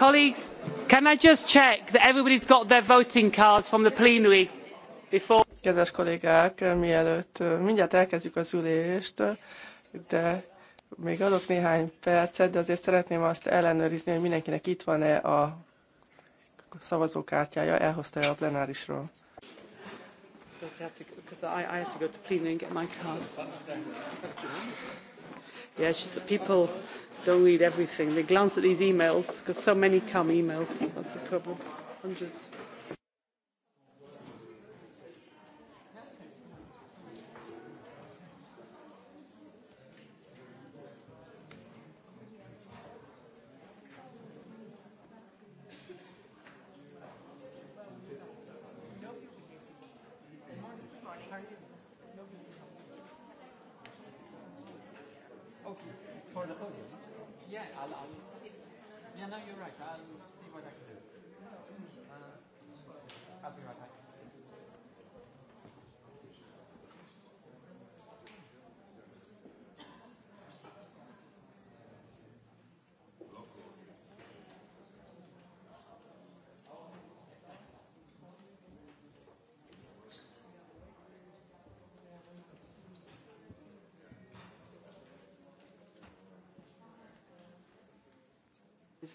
Colleagues, can I just check that everybody's got their voting cards from the plenary before... Kedves kollégák, mielőtt mindjárt elkezdjük az ülést, de még adok néhány percet, de azért szeretném azt ellenőrizni, hogy mindenkinek itt van-e a szavazókártyája, elhozta-e a plenárisról. Because I, I had to go to plenary and get my card. Yeah, it's just that people don't read everything. They glance at these emails because so many come emails. That's the problem. Hundreds.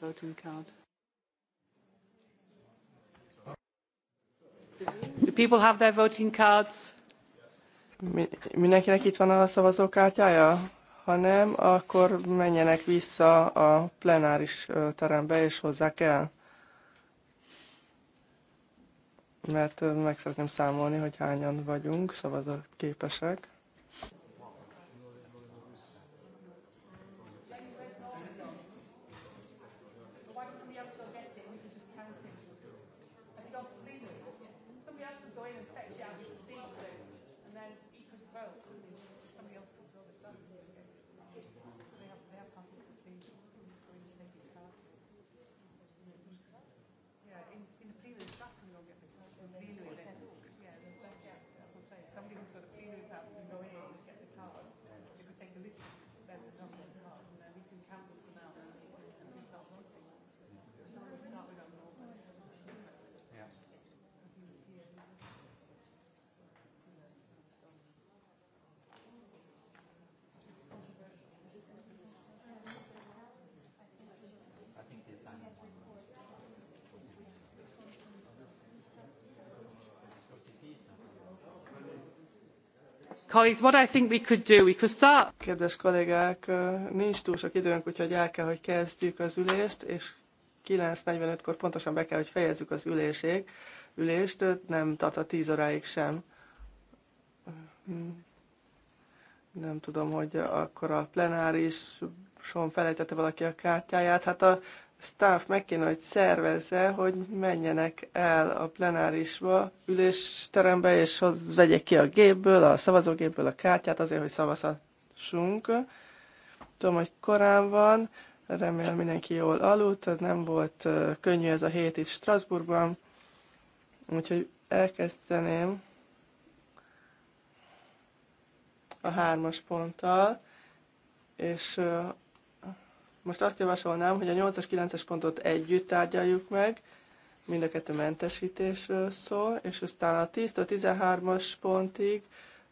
voting card. Do people have their voting cards? Mindenkinek itt van a szavazókártyája? Ha nem, akkor menjenek vissza a plenáris terembe és hozzák el. Mert meg szeretném számolni, hogy hányan vagyunk szavazóképesek. Colleagues, what I think we could do, we could start. Kedves kollégák, nincs túl sok időnk, úgyhogy el kell, hogy kezdjük az ülést, és 9.45-kor pontosan be kell, hogy fejezzük az üléség. ülést, nem tart a 10 óráig sem. Nem tudom, hogy akkor a plenáris son felejtette valaki a kártyáját. Hát a staff meg kéne, hogy szervezze, hogy menjenek el a plenárisba, ülésterembe, és hogy vegyék ki a gépből, a szavazógépből a kártyát azért, hogy szavazhassunk. Tudom, hogy korán van, remélem mindenki jól aludt, nem volt könnyű ez a hét itt Strasbourgban, úgyhogy elkezdeném a hármas ponttal, és most azt javasolnám, hogy a 8-as, 9-es pontot együtt tárgyaljuk meg, mind a kettő mentesítésről szól, és aztán a 10 13-as pontig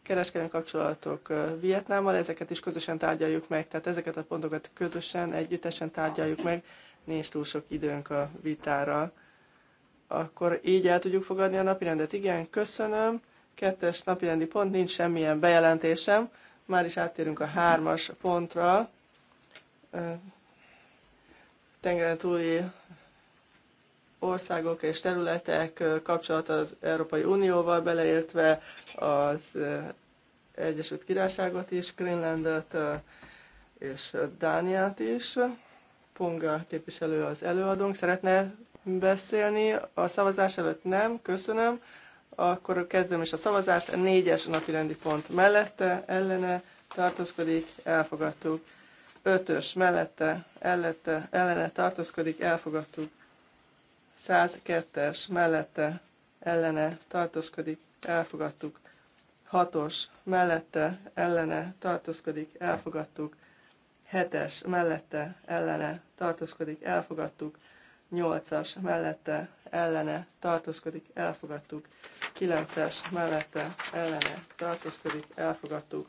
kereskedelmi kapcsolatok Vietnámmal, ezeket is közösen tárgyaljuk meg, tehát ezeket a pontokat közösen, együttesen tárgyaljuk meg, nincs túl sok időnk a vitára. Akkor így el tudjuk fogadni a napirendet. Igen, köszönöm. Kettes napirendi pont, nincs semmilyen bejelentésem. Már is áttérünk a hármas pontra tengeren túli országok és területek kapcsolata az Európai Unióval beleértve az Egyesült Királyságot is, Greenlandet és Dániát is. Punga képviselő az előadónk, szeretne beszélni. A szavazás előtt nem, köszönöm. Akkor kezdem is a szavazást. A négyes rendi pont mellette, ellene tartózkodik, elfogadtuk. Ötös mellette, ellette, ellene tartózkodik, elfogadtuk. 102-es mellette, ellene tartózkodik, elfogadtuk. 6-os mellette, ellene tartózkodik, elfogadtuk. 7-es mellette, ellene tartózkodik, elfogadtuk. 8-as mellette, ellene tartózkodik, elfogadtuk. 9-es mellette, ellene tartózkodik, elfogadtuk.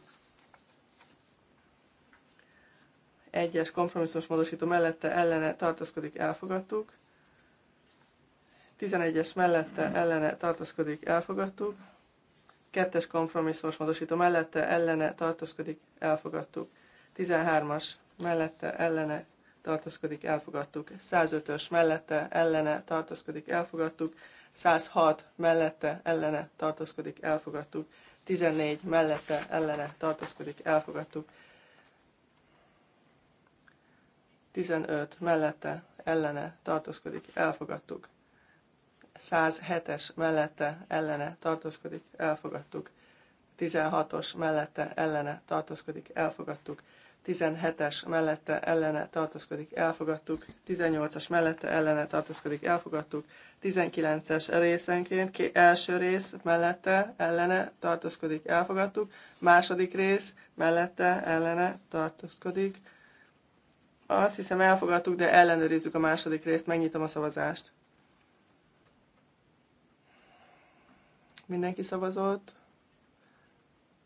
Egyes kompromisszumos módosító mellette ellene tartózkodik, elfogadtuk. 11-es mellette ellene tartózkodik, elfogadtuk. 2-es kompromisszumos módosító mellette ellene tartózkodik, elfogadtuk. 13-as mellette ellene tartózkodik, elfogadtuk. 105-ös mellette ellene tartózkodik, elfogadtuk. 106 mellette ellene tartózkodik, elfogadtuk. 14 mellette ellene tartózkodik, elfogadtuk. 15 mellette ellene tartózkodik, elfogadtuk. 107-es mellette ellene tartózkodik, elfogadtuk. 16-os mellette ellene tartózkodik, elfogadtuk. 17-es mellette ellene tartózkodik, elfogadtuk. 18-as mellette ellene tartózkodik, elfogadtuk. 19-es részenként ki első rész mellette ellene tartózkodik, elfogadtuk. Második rész mellette ellene tartózkodik, azt hiszem elfogadtuk, de ellenőrizzük a második részt, megnyitom a szavazást. Mindenki szavazott.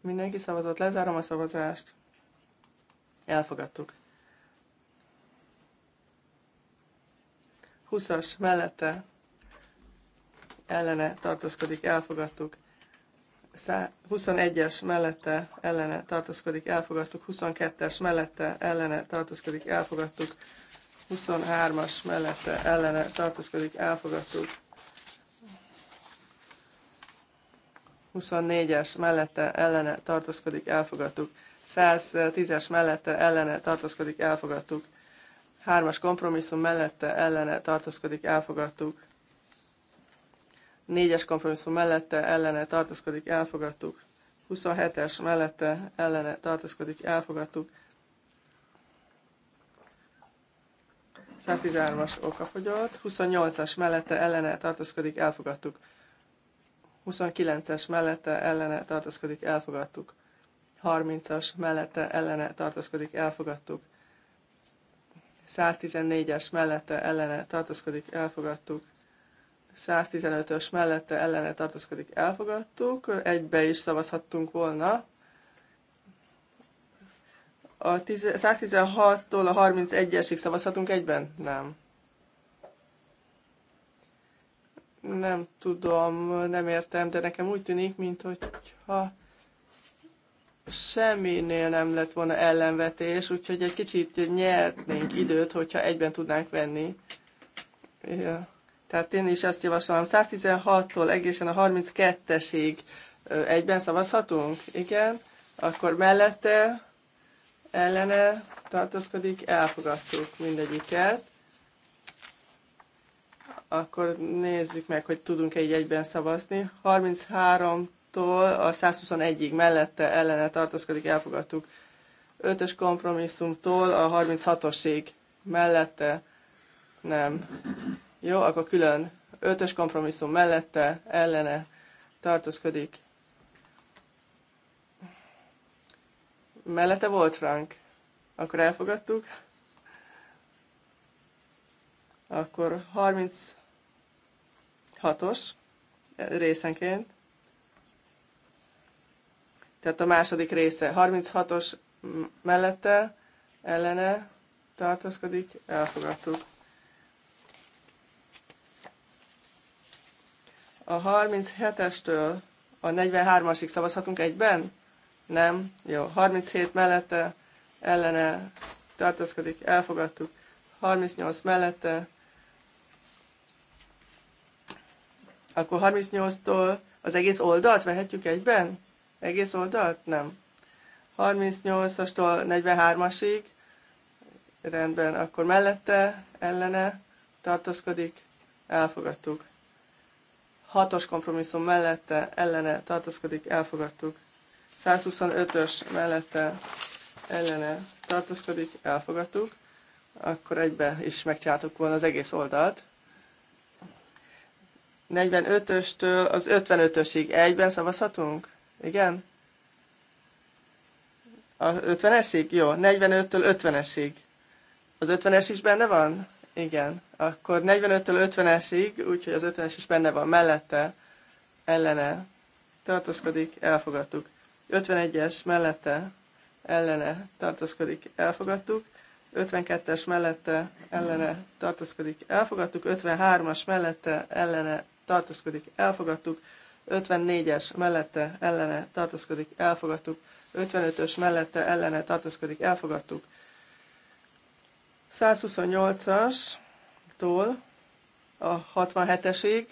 Mindenki szavazott, lezárom a szavazást. Elfogadtuk. 20-as mellette ellene tartózkodik, elfogadtuk. 21-es mellette ellene tartózkodik, elfogadtuk. 22-es mellette ellene tartózkodik, elfogadtuk. 23-as mellette ellene tartózkodik, elfogadtuk. 24-es mellette ellene tartózkodik, elfogadtuk. 110-es mellette ellene tartózkodik, elfogadtuk. 3-as kompromisszum mellette ellene tartózkodik, elfogadtuk. 4-es kompromisszum mellette ellene tartozkodik, elfogadtuk. 27-es mellette ellene tartozkodik, elfogadtuk. 113-as okafogyott, 28-as mellette ellene tartozkodik, elfogadtuk. 29-es mellette ellene tartozkodik, elfogadtuk. 30-as mellette ellene tartozkodik, elfogadtuk. 114-es mellette ellene tartozkodik, elfogadtuk. 115-ös mellette ellene tartózkodik, elfogadtuk. Egybe is szavazhattunk volna. A 116-tól a 31-esig szavazhatunk egyben? Nem. Nem tudom, nem értem, de nekem úgy tűnik, mint hogyha semminél nem lett volna ellenvetés, úgyhogy egy kicsit nyertnénk időt, hogyha egyben tudnánk venni. Yeah. Tehát én is azt javaslom, 116-tól egészen a 32-esig egyben szavazhatunk? Igen. Akkor mellette, ellene tartózkodik, elfogadtuk mindegyiket. Akkor nézzük meg, hogy tudunk-e így egyben szavazni. 33-tól a 121-ig mellette, ellene tartózkodik, elfogadtuk. 5-ös kompromisszumtól a 36-osig mellette nem jó, akkor külön ötös kompromisszum mellette, ellene tartózkodik. Mellette volt Frank? Akkor elfogadtuk. Akkor 36-os részenként. Tehát a második része 36-os mellette, ellene tartózkodik, elfogadtuk. A 37-estől a 43-asig szavazhatunk egyben? Nem. Jó, 37 mellette ellene tartózkodik, elfogadtuk. 38 mellette. Akkor 38-tól az egész oldalt vehetjük egyben? Egész oldalt? Nem. 38-astól 43-asig. Rendben, akkor mellette, ellene tartózkodik, elfogadtuk. 6-os kompromisszum mellette ellene tartózkodik, elfogadtuk. 125-ös mellette ellene tartózkodik, elfogadtuk. Akkor egybe is megcsináltuk volna az egész oldalt. 45-östől az 55-ösig egyben szavazhatunk? Igen? A 50-esig? Jó, 45-től 50-esig. Az 50-es is benne van? Igen, akkor 45-től 50-esig, úgyhogy az 50-es is benne van mellette, ellene tartózkodik, elfogadtuk. 51-es mellette, ellene tartózkodik, elfogadtuk. 52-es mellette, ellene tartózkodik, elfogadtuk. 53-as mellette, ellene tartózkodik, elfogadtuk. 54-es mellette, ellene tartózkodik, elfogadtuk. 55-ös mellette, ellene tartózkodik, elfogadtuk. 128-as-tól a 67-esig,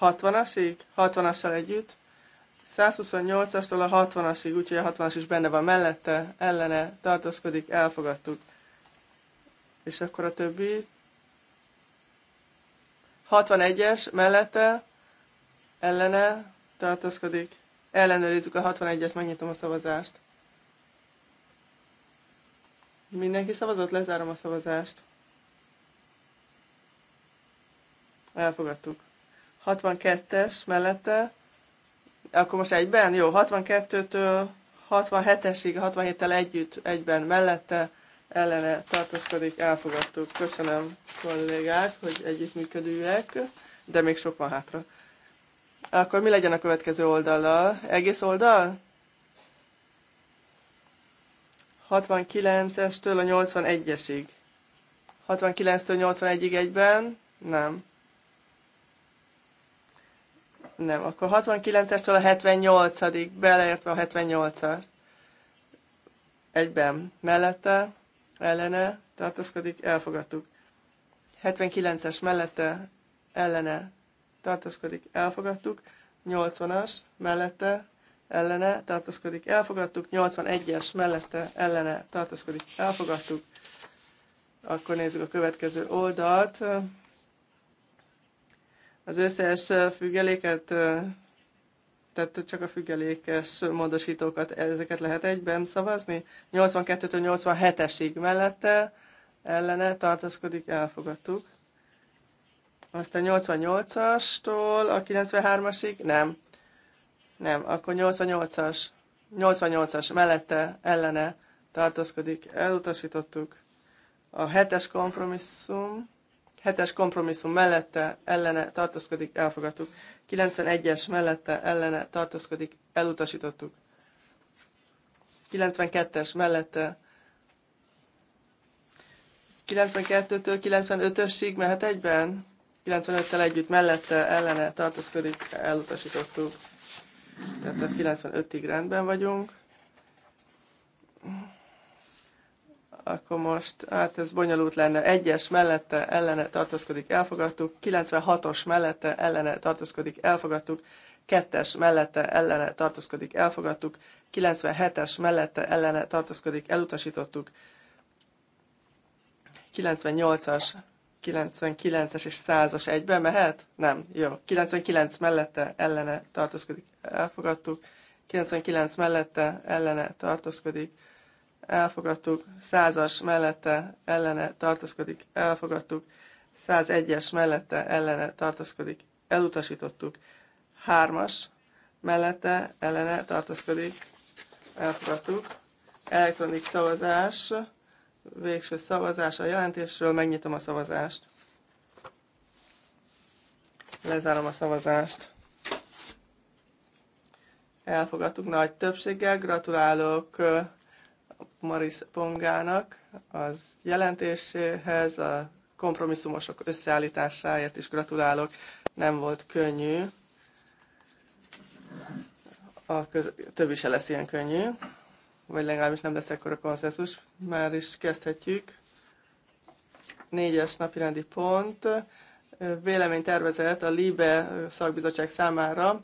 60-asig, 60-assal együtt, 128-astól a 60-asig, úgyhogy a 60-as is benne van mellette, ellene tartózkodik, elfogadtuk. És akkor a többi 61-es mellette, ellene tartózkodik, ellenőrizzük a 61-es, megnyitom a szavazást. Mindenki szavazott, lezárom a szavazást. Elfogadtuk. 62-es mellette, akkor most egyben? Jó, 62-től 67-esig, 67-tel együtt, egyben mellette, ellene tartózkodik, elfogadtuk. Köszönöm kollégák, hogy együttműködőek, de még sok van hátra. Akkor mi legyen a következő oldallal? Egész oldal? 69-estől a 81-esig. 69-től 81-ig egyben? Nem. Nem, akkor 69-estől a 78-ig, beleértve a 78-ast. Egyben. Mellette, ellene, tartózkodik, elfogadtuk. 79-es mellette, ellene, tartózkodik, elfogadtuk. 80-as, mellette, ellene tartózkodik, elfogadtuk. 81-es mellette ellene tartózkodik, elfogadtuk. Akkor nézzük a következő oldalt. Az összes függeléket tehát csak a függelékes módosítókat, ezeket lehet egyben szavazni. 82-től 87-esig mellette ellene tartózkodik, elfogadtuk. Aztán 88-astól a 93-asig nem. Nem, akkor 88-as, 88-as mellette, ellene tartózkodik, elutasítottuk. A 7-es kompromisszum, 7-es kompromisszum mellette, ellene tartózkodik, elfogadtuk. 91-es mellette, ellene tartózkodik, elutasítottuk. 92-es mellette, 92-től 95-ösig mehet egyben? 95-tel együtt mellette, ellene tartózkodik, elutasítottuk. Tehát a 95-ig rendben vagyunk. Akkor most, hát ez bonyolult lenne. Egyes mellette ellene tartozkodik elfogadtuk. 96-os mellette ellene tartozkodik elfogadtuk. Kettes mellette ellene tartozkodik elfogadtuk. 97-es mellette ellene tartozkodik elutasítottuk. 98-as 99-es és 100-as egybe mehet? Nem, jó. 99 mellette ellene tartózkodik, elfogadtuk. 99 mellette ellene tartózkodik, elfogadtuk. 100-as mellette ellene tartózkodik, elfogadtuk. 101-es mellette ellene tartózkodik, elutasítottuk. 3-as mellette ellene tartózkodik, elfogadtuk. Elektronik szavazás végső szavazás a jelentésről. Megnyitom a szavazást. Lezárom a szavazást. Elfogadtuk nagy többséggel. Gratulálok Maris Pongának az jelentéséhez, a kompromisszumosok összeállításáért is gratulálok. Nem volt könnyű. A köz- többi se lesz ilyen könnyű vagy legalábbis nem lesz ekkora konszenzus. Már is kezdhetjük. Négyes napirendi pont. Vélemény tervezett a LIBE szakbizottság számára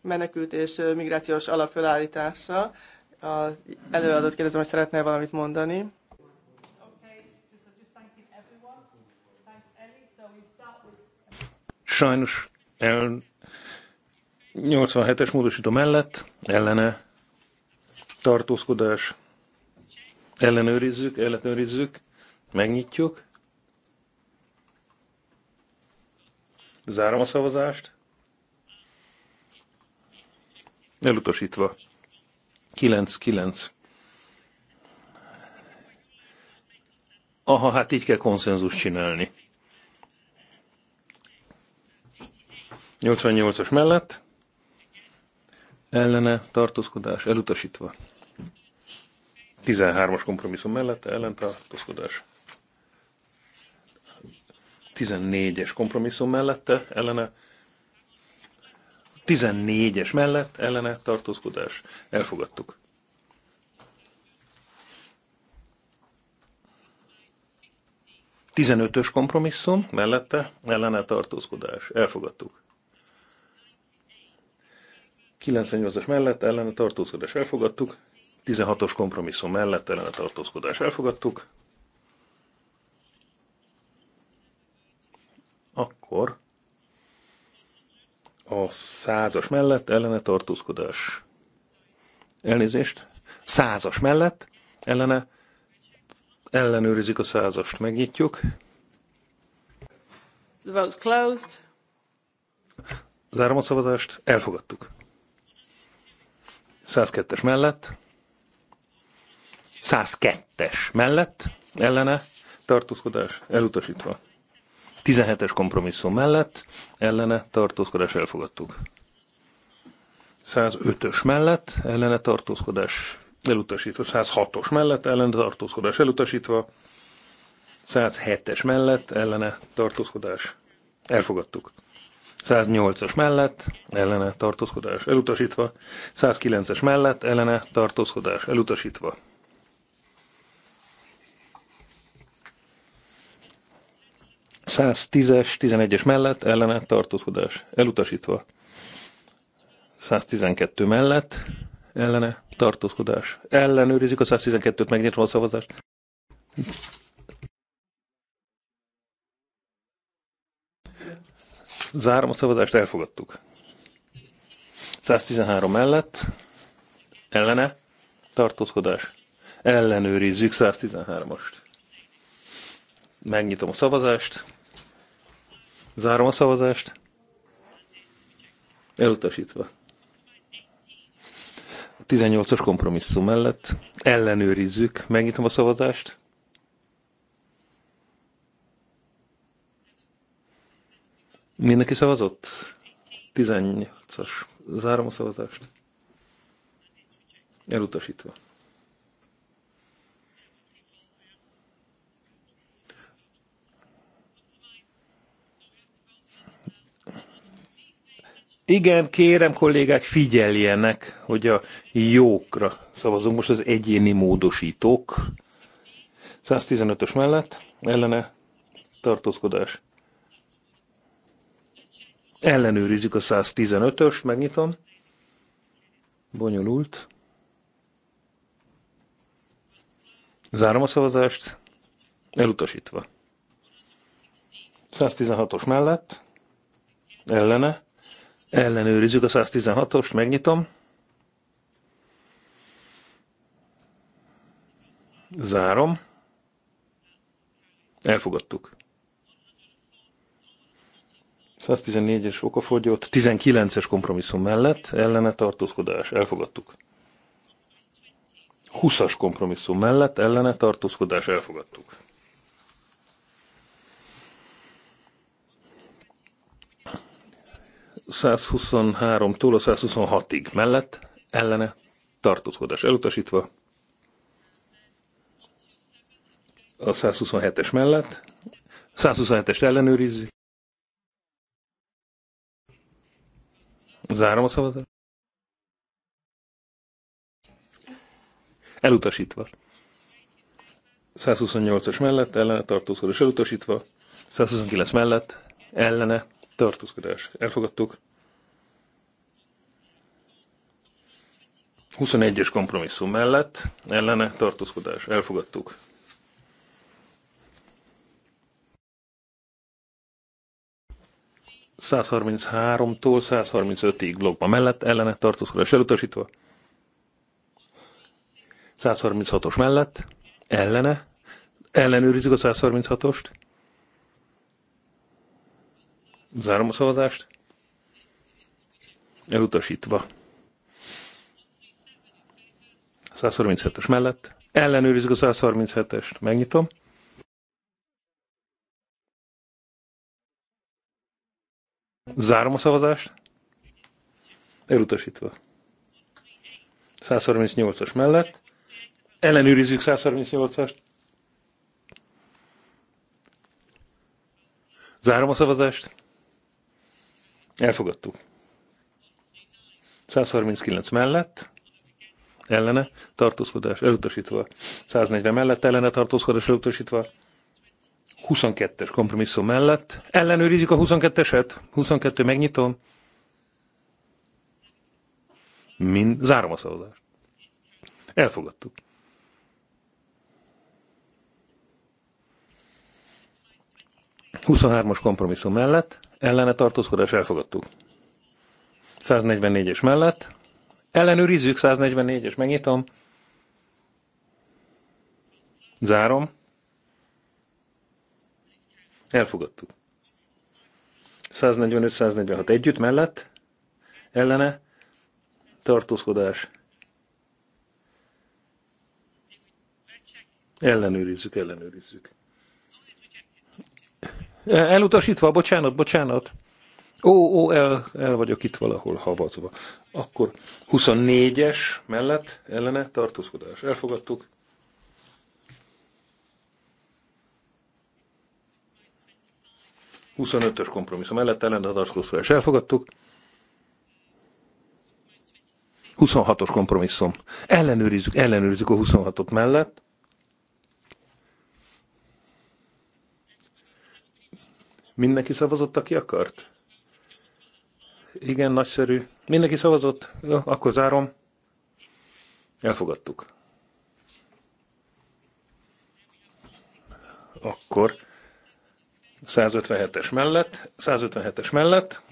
menekült és migrációs alapfölállítása. Az előadót kérdezem, hogy szeretnél valamit mondani. Sajnos el 87-es módosító mellett ellene tartózkodás, ellenőrizzük, ellenőrizzük, megnyitjuk, zárom a szavazást, elutasítva, 9-9. Aha, hát így kell konszenzus csinálni. 88-as mellett ellene tartózkodás elutasítva. 13-as kompromisszum mellett ellentartózkodás. 14-es kompromisszum mellette ellene 14-es mellett ellene tartózkodás. Elfogadtuk. Tizenötös kompromisszum mellette ellene tartózkodás. Elfogadtuk. 98-as mellett ellene tartózkodás. Elfogadtuk. 16-os kompromisszum mellett ellene tartózkodás elfogadtuk. Akkor a százas mellett ellene tartózkodás. Elnézést. Százas mellett ellene ellenőrizik a százast. Megnyitjuk. The vote's closed. Zárom a szavazást. Elfogadtuk. 102-es mellett 102-es mellett ellene tartózkodás elutasítva. 17-es kompromisszum mellett ellene tartózkodás elfogadtuk. 105-ös mellett ellene tartózkodás elutasítva, 106-os mellett ellene tartózkodás elutasítva, 107-es mellett ellene tartózkodás elfogadtuk. 108-as mellett ellene tartózkodás elutasítva, 109-es mellett ellene tartózkodás elutasítva. 110-es, 11-es mellett ellene tartózkodás elutasítva. 112 mellett ellene tartózkodás. Ellenőrizzük a 112-t, megnyitom a szavazást. Zárom a szavazást, elfogadtuk. 113 mellett ellene tartózkodás. Ellenőrizzük 113-ast. Megnyitom a szavazást. Zárom a szavazást. Elutasítva. A 18-as kompromisszum mellett ellenőrizzük. Megnyitom a szavazást. Mindenki szavazott? 18-as. Zárom a szavazást. Elutasítva. Igen, kérem kollégák, figyeljenek, hogy a jókra szavazunk most az egyéni módosítók. 115-ös mellett ellene tartózkodás. Ellenőrizzük a 115-ös, megnyitom. Bonyolult. Zárom a szavazást. Elutasítva. 116-os mellett. Ellene. Ellenőrizzük a 116-ost, megnyitom. Zárom. Elfogadtuk. 114-es okafogyott, 19-es kompromisszum mellett ellene tartózkodás. Elfogadtuk. 20-as kompromisszum mellett ellene tartózkodás. Elfogadtuk. 123-tól a 126-ig mellett ellene tartózkodás elutasítva. A 127-es mellett. 127-est ellenőrizzük. Zárom a szavazást. Elutasítva. 128-as mellett, ellene tartózkodás elutasítva. 129 mellett, ellene tartózkodás elfogadtuk. 21-es kompromisszum mellett ellene tartózkodás elfogadtuk. ...133-tól 135-ig blokkba mellett ellene tartózkodás elutasítva. 136-os mellett ellene ellenőrizzük a 136-ost. Zárom a szavazást. Elutasítva. 137-es mellett. Ellenőrizzük a 137-est. Megnyitom. Zárom a szavazást. Elutasítva. 138-as mellett. Ellenőrizzük 138-ast. Zárom a szavazást. Elfogadtuk. 139 mellett, ellene, tartózkodás elutasítva. 140 mellett, ellene, tartózkodás elutasítva. 22-es kompromisszum mellett. Ellenőrizzük a 22-eset. 22 megnyitom. Mind, zárom a szavazást. Elfogadtuk. Huszonhármas kompromisszum mellett ellene tartózkodás elfogadtuk. 144-es mellett. Ellenőrizzük 144-es, megnyitom. Zárom. Elfogadtuk. 145-146 együtt mellett. Ellene tartózkodás. Ellenőrizzük, ellenőrizzük. Elutasítva, bocsánat, bocsánat. Ó, ó, el, el vagyok itt valahol havazva. Akkor 24-es mellett ellene tartózkodás. Elfogadtuk. Huszonötös kompromisszum mellett ellene tartózkodás. Elfogadtuk. 26-os kompromisszum. Ellenőrizzük, ellenőrizzük a 26-ot mellett. Mindenki szavazott, aki akart? Igen, nagyszerű. Mindenki szavazott? Jó, akkor zárom. Elfogadtuk. Akkor 157-es mellett, 157-es mellett,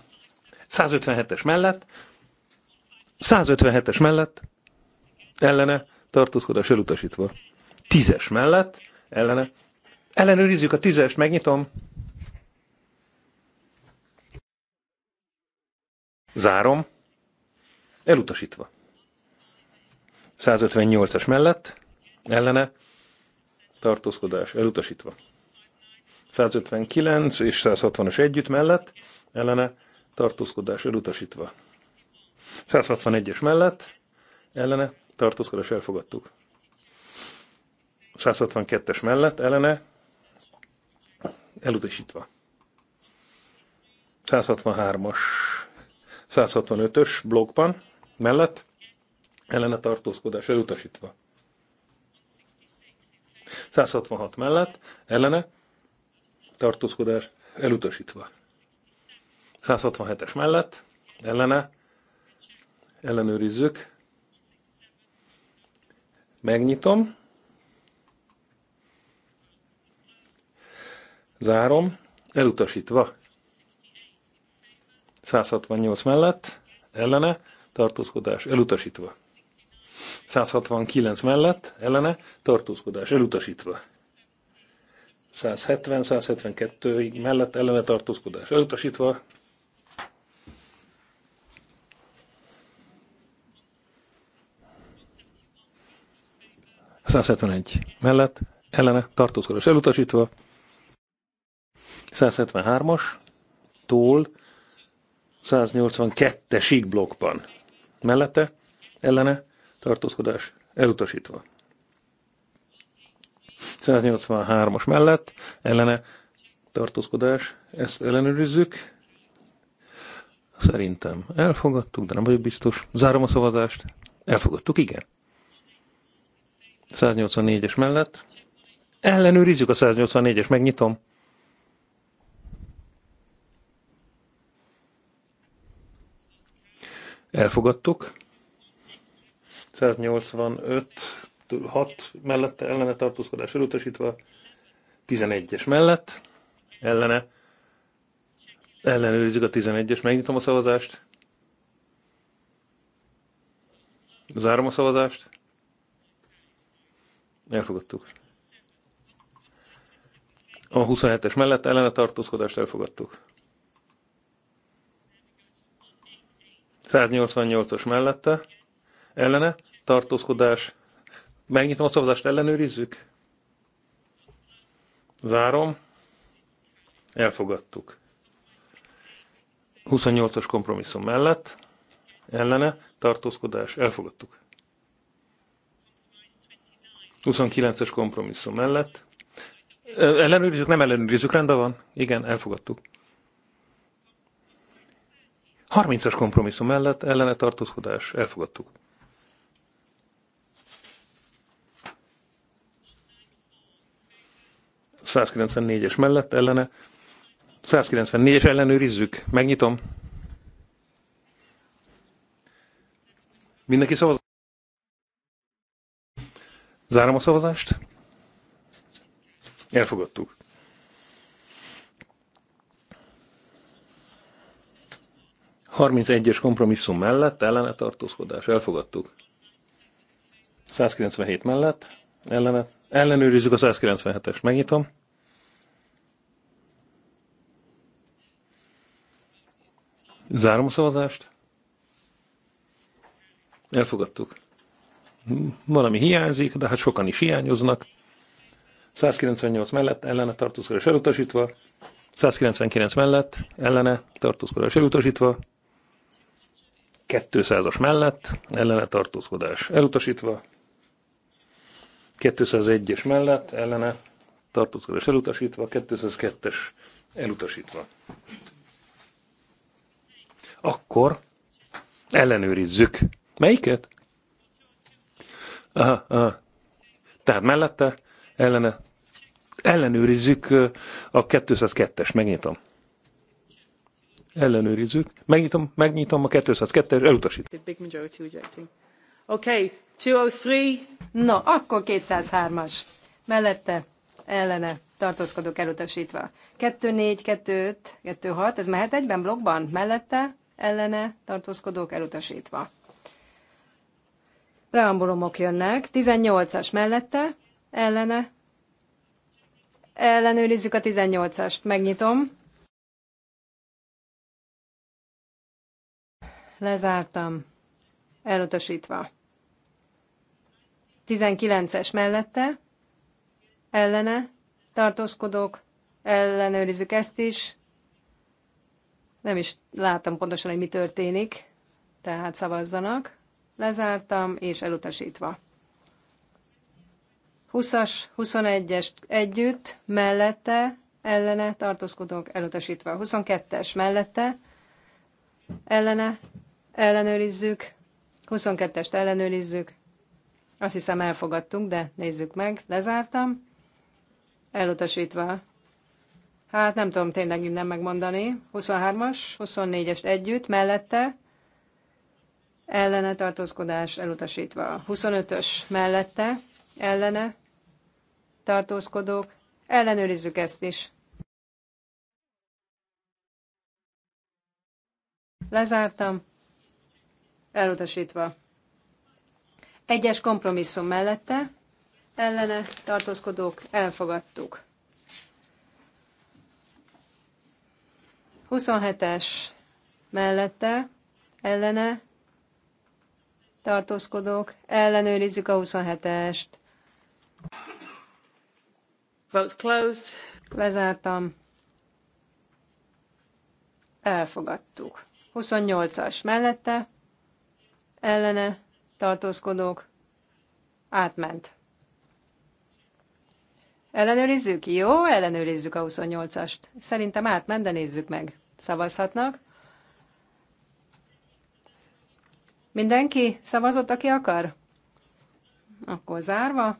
157-es mellett, 157-es mellett, ellene, tartózkodás elutasítva. 10-es mellett, ellene. Ellenőrizzük a 10-est, megnyitom. Zárom. Elutasítva. 158-as mellett, ellene, tartózkodás, elutasítva. 159 és 160-as együtt mellett, ellene, tartózkodás, elutasítva. 161-es mellett, ellene, tartózkodás, elfogadtuk. 162-es mellett, ellene, elutasítva. 163-as 165-ös blogban mellett ellene tartózkodás elutasítva. 166 mellett ellene tartózkodás elutasítva. 167-es mellett ellene ellenőrizzük. Megnyitom. Zárom. Elutasítva. 168 mellett, ellene, tartózkodás elutasítva. 169 mellett, ellene, tartózkodás elutasítva. 170-172 mellett ellene tartózkodás elutasítva. 171 mellett ellene tartózkodás elutasítva. 173-as tól 182-esig blokkban. Mellette, ellene, tartózkodás elutasítva. 183-as mellett, ellene, tartózkodás, ezt ellenőrizzük. Szerintem elfogadtuk, de nem vagyok biztos. Zárom a szavazást. Elfogadtuk, igen. 184-es mellett. Ellenőrizzük a 184-es, megnyitom. Elfogadtuk. 185, 6 mellette ellene tartózkodás elutasítva, 11-es mellett ellene. Ellenőrizzük a 11-es, megnyitom a szavazást. Zárom a szavazást. Elfogadtuk. A 27-es mellett ellene tartózkodást elfogadtuk. 188-os mellette, ellene, tartózkodás. Megnyitom a szavazást, ellenőrizzük. Zárom. Elfogadtuk. 28-os kompromisszum mellett, ellene, tartózkodás, elfogadtuk. 29-es kompromisszum mellett, ellenőrizzük, nem ellenőrizzük, rendben van, igen, elfogadtuk. 30-as kompromisszum mellett ellene tartózkodás. Elfogadtuk. 194-es mellett ellene. 194-es ellenőrizzük. Megnyitom. Mindenki szavaz. Zárom a szavazást. Elfogadtuk. 31-es kompromisszum mellett ellene tartózkodás. Elfogadtuk. 197 mellett ellene. Ellenőrizzük a 197-es. Megnyitom. Zárom a szavazást. Elfogadtuk. Valami hiányzik, de hát sokan is hiányoznak. 198 mellett ellene tartózkodás elutasítva, 199 mellett ellene tartózkodás elutasítva, 200-as mellett, ellene tartózkodás elutasítva, 201-es mellett, ellene tartózkodás elutasítva, 202-es elutasítva. Akkor ellenőrizzük. Melyiket? Aha, aha. Tehát mellette, ellene, ellenőrizzük a 202-es, megnyitom. Ellenőrizzük. Megnyitom, megnyitom a 202-es, elutasít. Okay, 203. No, akkor 203-as. Mellette, ellene, tartózkodok elutasítva. 24, 25, 26. ez mehet egyben blogban? Mellette, ellene, tartózkodok elutasítva. Preambulumok jönnek. 18-as mellette, ellene. Ellenőrizzük a 18-ast. Megnyitom. lezártam, elutasítva. 19-es mellette, ellene, tartózkodok, ellenőrizzük ezt is. Nem is láttam pontosan, hogy mi történik, tehát szavazzanak. Lezártam, és elutasítva. 20-as, 21-es együtt, mellette, ellene, tartózkodok, elutasítva. 22-es mellette, ellene, ellenőrizzük, 22-est ellenőrizzük, azt hiszem elfogadtunk, de nézzük meg, lezártam, elutasítva. Hát nem tudom tényleg innen megmondani, 23-as, 24-est együtt, mellette, ellene tartózkodás elutasítva. 25-ös mellette, ellene tartózkodók, ellenőrizzük ezt is. Lezártam elutasítva. Egyes kompromisszum mellette, ellene tartózkodók elfogadtuk. 27-es mellette, ellene tartózkodók, ellenőrizzük a 27-est. Vote closed. Lezártam. Elfogadtuk. 28-as mellette, ellene tartózkodók átment. Ellenőrizzük? Jó, ellenőrizzük a 28-ast. Szerintem átment, de nézzük meg. Szavazhatnak. Mindenki szavazott, aki akar? Akkor zárva.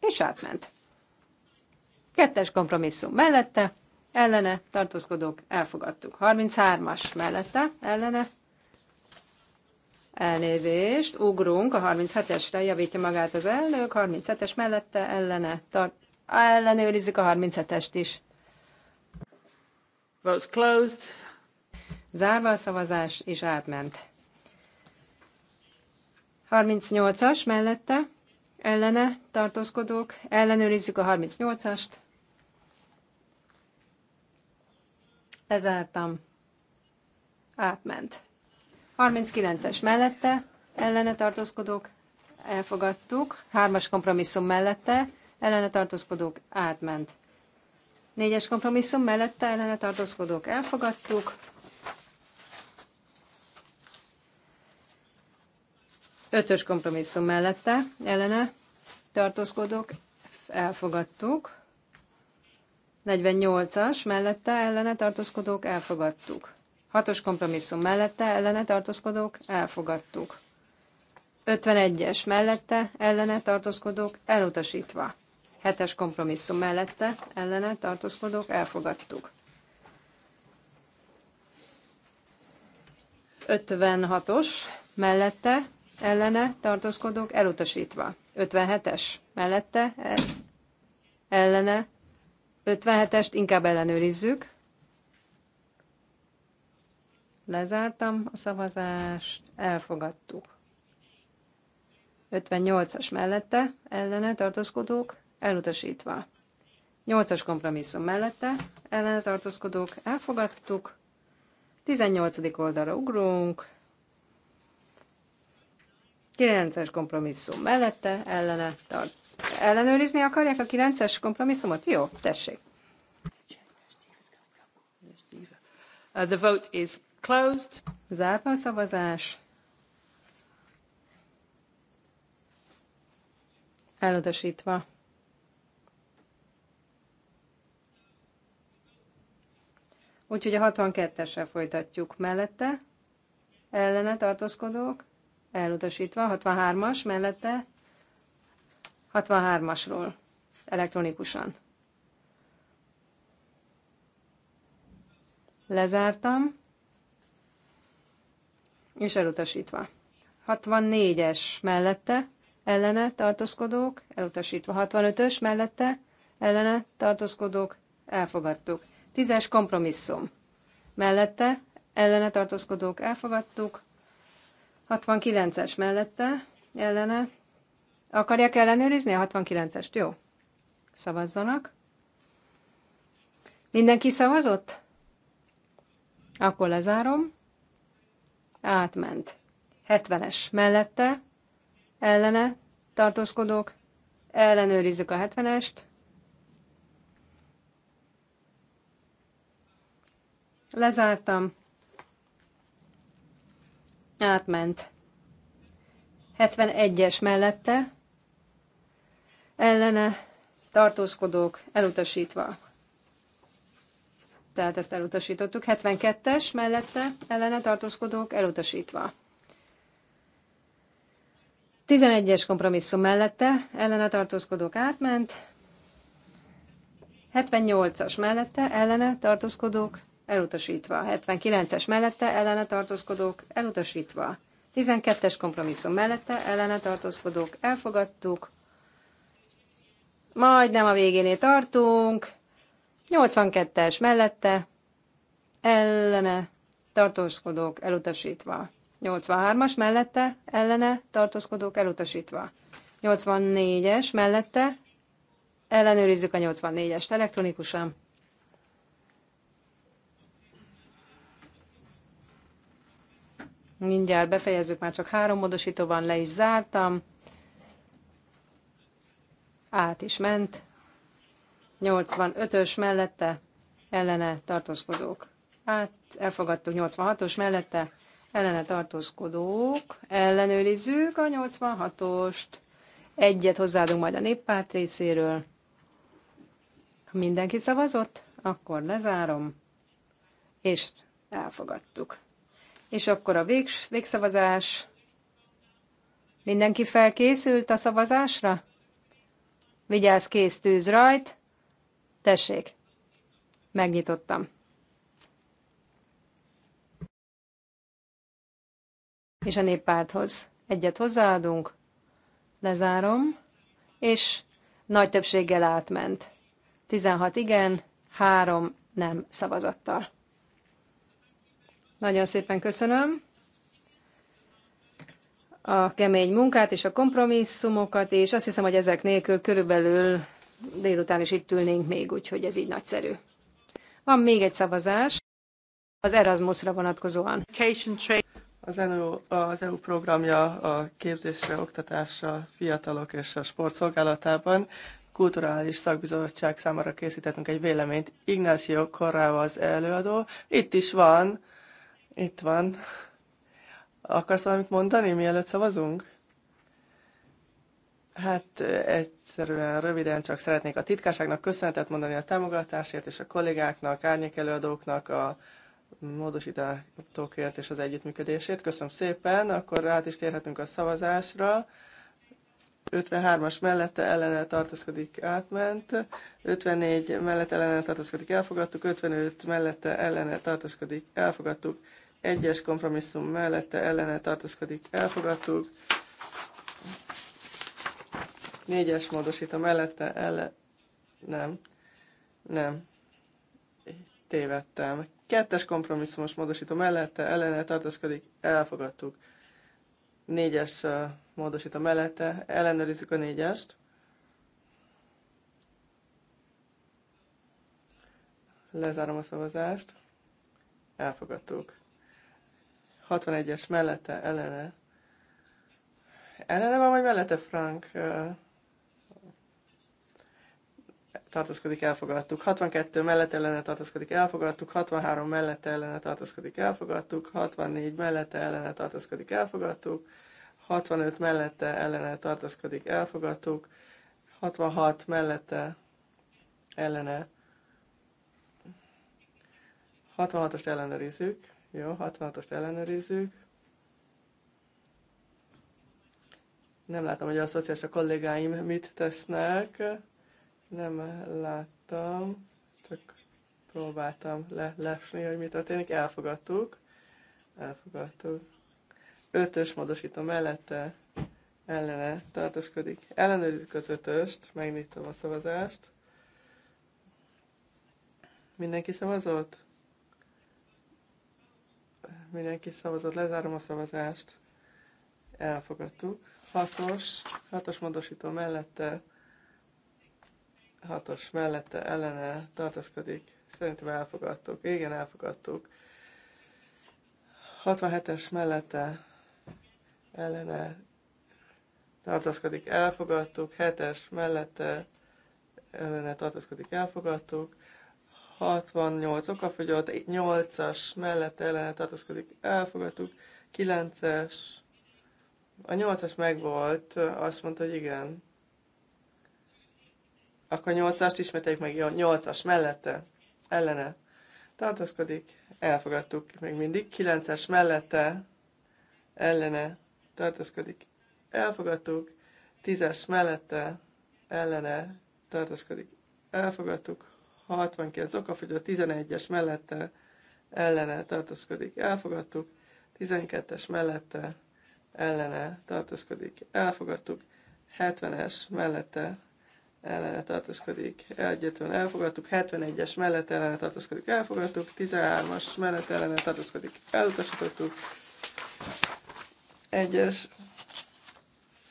És átment. Kettes kompromisszum mellette, ellene tartózkodók elfogadtuk. 33-as mellette ellene elnézést, ugrunk a 37-esre, javítja magát az elnök, 37-es mellette ellene tart, ellenőrizzük a 37-est is. Votes closed. Zárva a szavazás, és átment. 38-as mellette ellene tartózkodók, ellenőrizzük a 38-ast. Lezártam. Átment. 39-es mellette, ellene tartózkodók, elfogadtuk. 3-as kompromisszum mellette, ellene tartózkodók, átment. 4-es kompromisszum mellette, ellene tartózkodók, elfogadtuk. Ötös kompromisszum mellette, ellene tartózkodók, elfogadtuk. 48-as mellette ellene tartózkodók elfogadtuk. 6-os kompromisszum mellette ellene tartózkodók elfogadtuk. 51-es mellette ellene tartózkodók elutasítva. 7-es kompromisszum mellette ellene tartózkodók elfogadtuk. 56-os mellette ellene tartózkodók elutasítva. 57-es mellette ellene 57-est inkább ellenőrizzük. Lezártam a szavazást, elfogadtuk. 58-as mellette, ellene tartózkodók, elutasítva. 8-as kompromisszum mellette, ellene tartózkodók, elfogadtuk. 18. oldalra ugrunk. 9-es kompromisszum mellette, ellene tart, Ellenőrizni akarják a 9-es kompromisszumot? Jó, tessék. Uh, the vote is closed. Zárva a szavazás. Elutasítva. Úgyhogy a 62-essel folytatjuk mellette. Ellene tartózkodók. Elutasítva. 63-as mellette 63-asról elektronikusan. Lezártam, és elutasítva. 64-es mellette, ellene tartózkodók, elutasítva. 65-ös mellette, ellene tartózkodók, elfogadtuk. 10-es kompromisszum. Mellette, ellene tartózkodók, elfogadtuk. 69-es mellette, ellene Akarják ellenőrizni a 69-est? Jó. Szavazzanak. Mindenki szavazott? Akkor lezárom. Átment. 70-es mellette, ellene tartózkodók, ellenőrizzük a 70-est. Lezártam. Átment. 71-es mellette, ellene tartózkodók elutasítva. Tehát ezt elutasítottuk. 72-es mellette ellene tartózkodók elutasítva. 11-es kompromisszum mellette ellene tartózkodók átment. 78-as mellette ellene tartózkodók elutasítva. 79-es mellette ellene tartózkodók elutasítva. 12-es kompromisszum mellette ellene tartózkodók elfogadtuk. Majdnem a végénél tartunk. 82-es mellette, ellene, tartózkodók elutasítva. 83-as mellette, ellene, tartózkodók elutasítva. 84-es mellette, ellenőrizzük a 84-est elektronikusan. Mindjárt befejezzük, már csak három módosító van, le is zártam át is ment. 85-ös mellette ellene tartózkodók át, elfogadtuk 86-os mellette ellene tartózkodók, ellenőrizzük a 86-ost, egyet hozzáadunk majd a néppárt részéről. Ha mindenki szavazott, akkor lezárom, és elfogadtuk. És akkor a végs, végszavazás. Mindenki felkészült a szavazásra? Vigyázz, kész tűz rajt. Tessék. Megnyitottam. És a néppárthoz. Egyet hozzáadunk. Lezárom. És nagy többséggel átment. 16 igen, 3 nem szavazattal. Nagyon szépen köszönöm a kemény munkát és a kompromisszumokat, és azt hiszem, hogy ezek nélkül körülbelül délután is itt ülnénk még, úgyhogy ez így nagyszerű. Van még egy szavazás az Erasmusra vonatkozóan. Az EU, az EU programja a képzésre, oktatásra, fiatalok és a sportszolgálatában kulturális szakbizottság számára készítettünk egy véleményt. Ignácio Korráva az előadó. Itt is van, itt van Akarsz valamit mondani, mielőtt szavazunk? Hát egyszerűen röviden csak szeretnék a titkárságnak köszönetet mondani a támogatásért, és a kollégáknak, árnyékelőadóknak a módosítókért és az együttműködésért Köszönöm szépen, akkor át is térhetünk a szavazásra. 53-as mellette ellene tartózkodik átment, 54 mellette ellene tartózkodik elfogadtuk, 55 mellette ellene tartózkodik elfogadtuk, egyes kompromisszum mellette ellene tartózkodik, elfogadtuk. Négyes módosító mellette ellen... Nem. Nem. Tévedtem. Kettes kompromisszumos módosító mellette ellene tartózkodik, elfogadtuk. Négyes módosító mellette ellenőrizzük a négyest. Lezárom a szavazást. Elfogadtuk. 61-es mellette, ellene. Ellene van, vagy mellette, Frank? tartózkodik, elfogadtuk. 62 mellett ellene tartózkodik, elfogadtuk. 63 mellett ellene tartózkodik, elfogadtuk. 64 mellette ellene tartózkodik, elfogadtuk. 65 mellette ellene tartózkodik, elfogadtuk. 66 mellette ellene. 66-ost ellenőrizzük. Jó, 66-ost ellenőrizzük. Nem látom, hogy a szociális a kollégáim mit tesznek. Nem láttam, csak próbáltam le lesni, hogy mi történik. Elfogadtuk. Elfogadtuk. Ötös módosítom mellette ellene tartózkodik. Ellenőrizzük az ötöst, megnyitom a szavazást. Mindenki szavazott? Mindenki szavazott, lezárom a szavazást. Elfogadtuk. Hatos, hatos módosító mellette, hatos mellette ellene tartozkodik. Szerintem elfogadtuk. Igen, elfogadtuk. 67-es mellette ellene tartozkodik, elfogadtuk, 7-es mellette ellene tartozkodik, elfogadtuk, 68 okafogyott, 8-as mellette ellene tartózkodik, elfogadtuk, 9-es, a 8-as megvolt, azt mondta, hogy igen. Akkor 8-ast ismételjük meg, 8-as mellette, ellene tartózkodik, elfogadtuk még mindig, 9-es mellette, ellene tartózkodik, elfogadtuk, 10-es mellette, ellene tartózkodik, elfogadtuk, 69 okafogyó 11-es mellette ellene tartózkodik, elfogadtuk, 12-es mellette ellene tartózkodik, elfogadtuk, 70-es mellette ellene tartózkodik, egyetlen elfogadtuk, 71-es mellette ellene tartózkodik, elfogadtuk, 13-as mellette ellene tartózkodik, elutasítottuk, 1-es,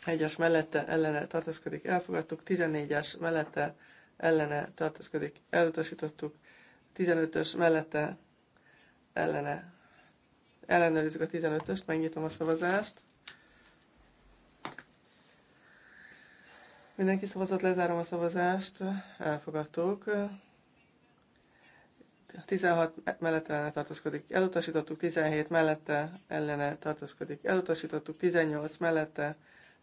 1-es mellette ellene tartózkodik, elfogadtuk, 14-es mellette ellene tartózkodik, elutasítottuk. 15-ös mellette ellene. Ellenőrizzük a 15-öst, megnyitom a szavazást. Mindenki szavazott, lezárom a szavazást, elfogadtuk. 16 mellett ellene tartózkodik, elutasítottuk, 17 mellette ellene tartózkodik, elutasítottuk, 18 mellette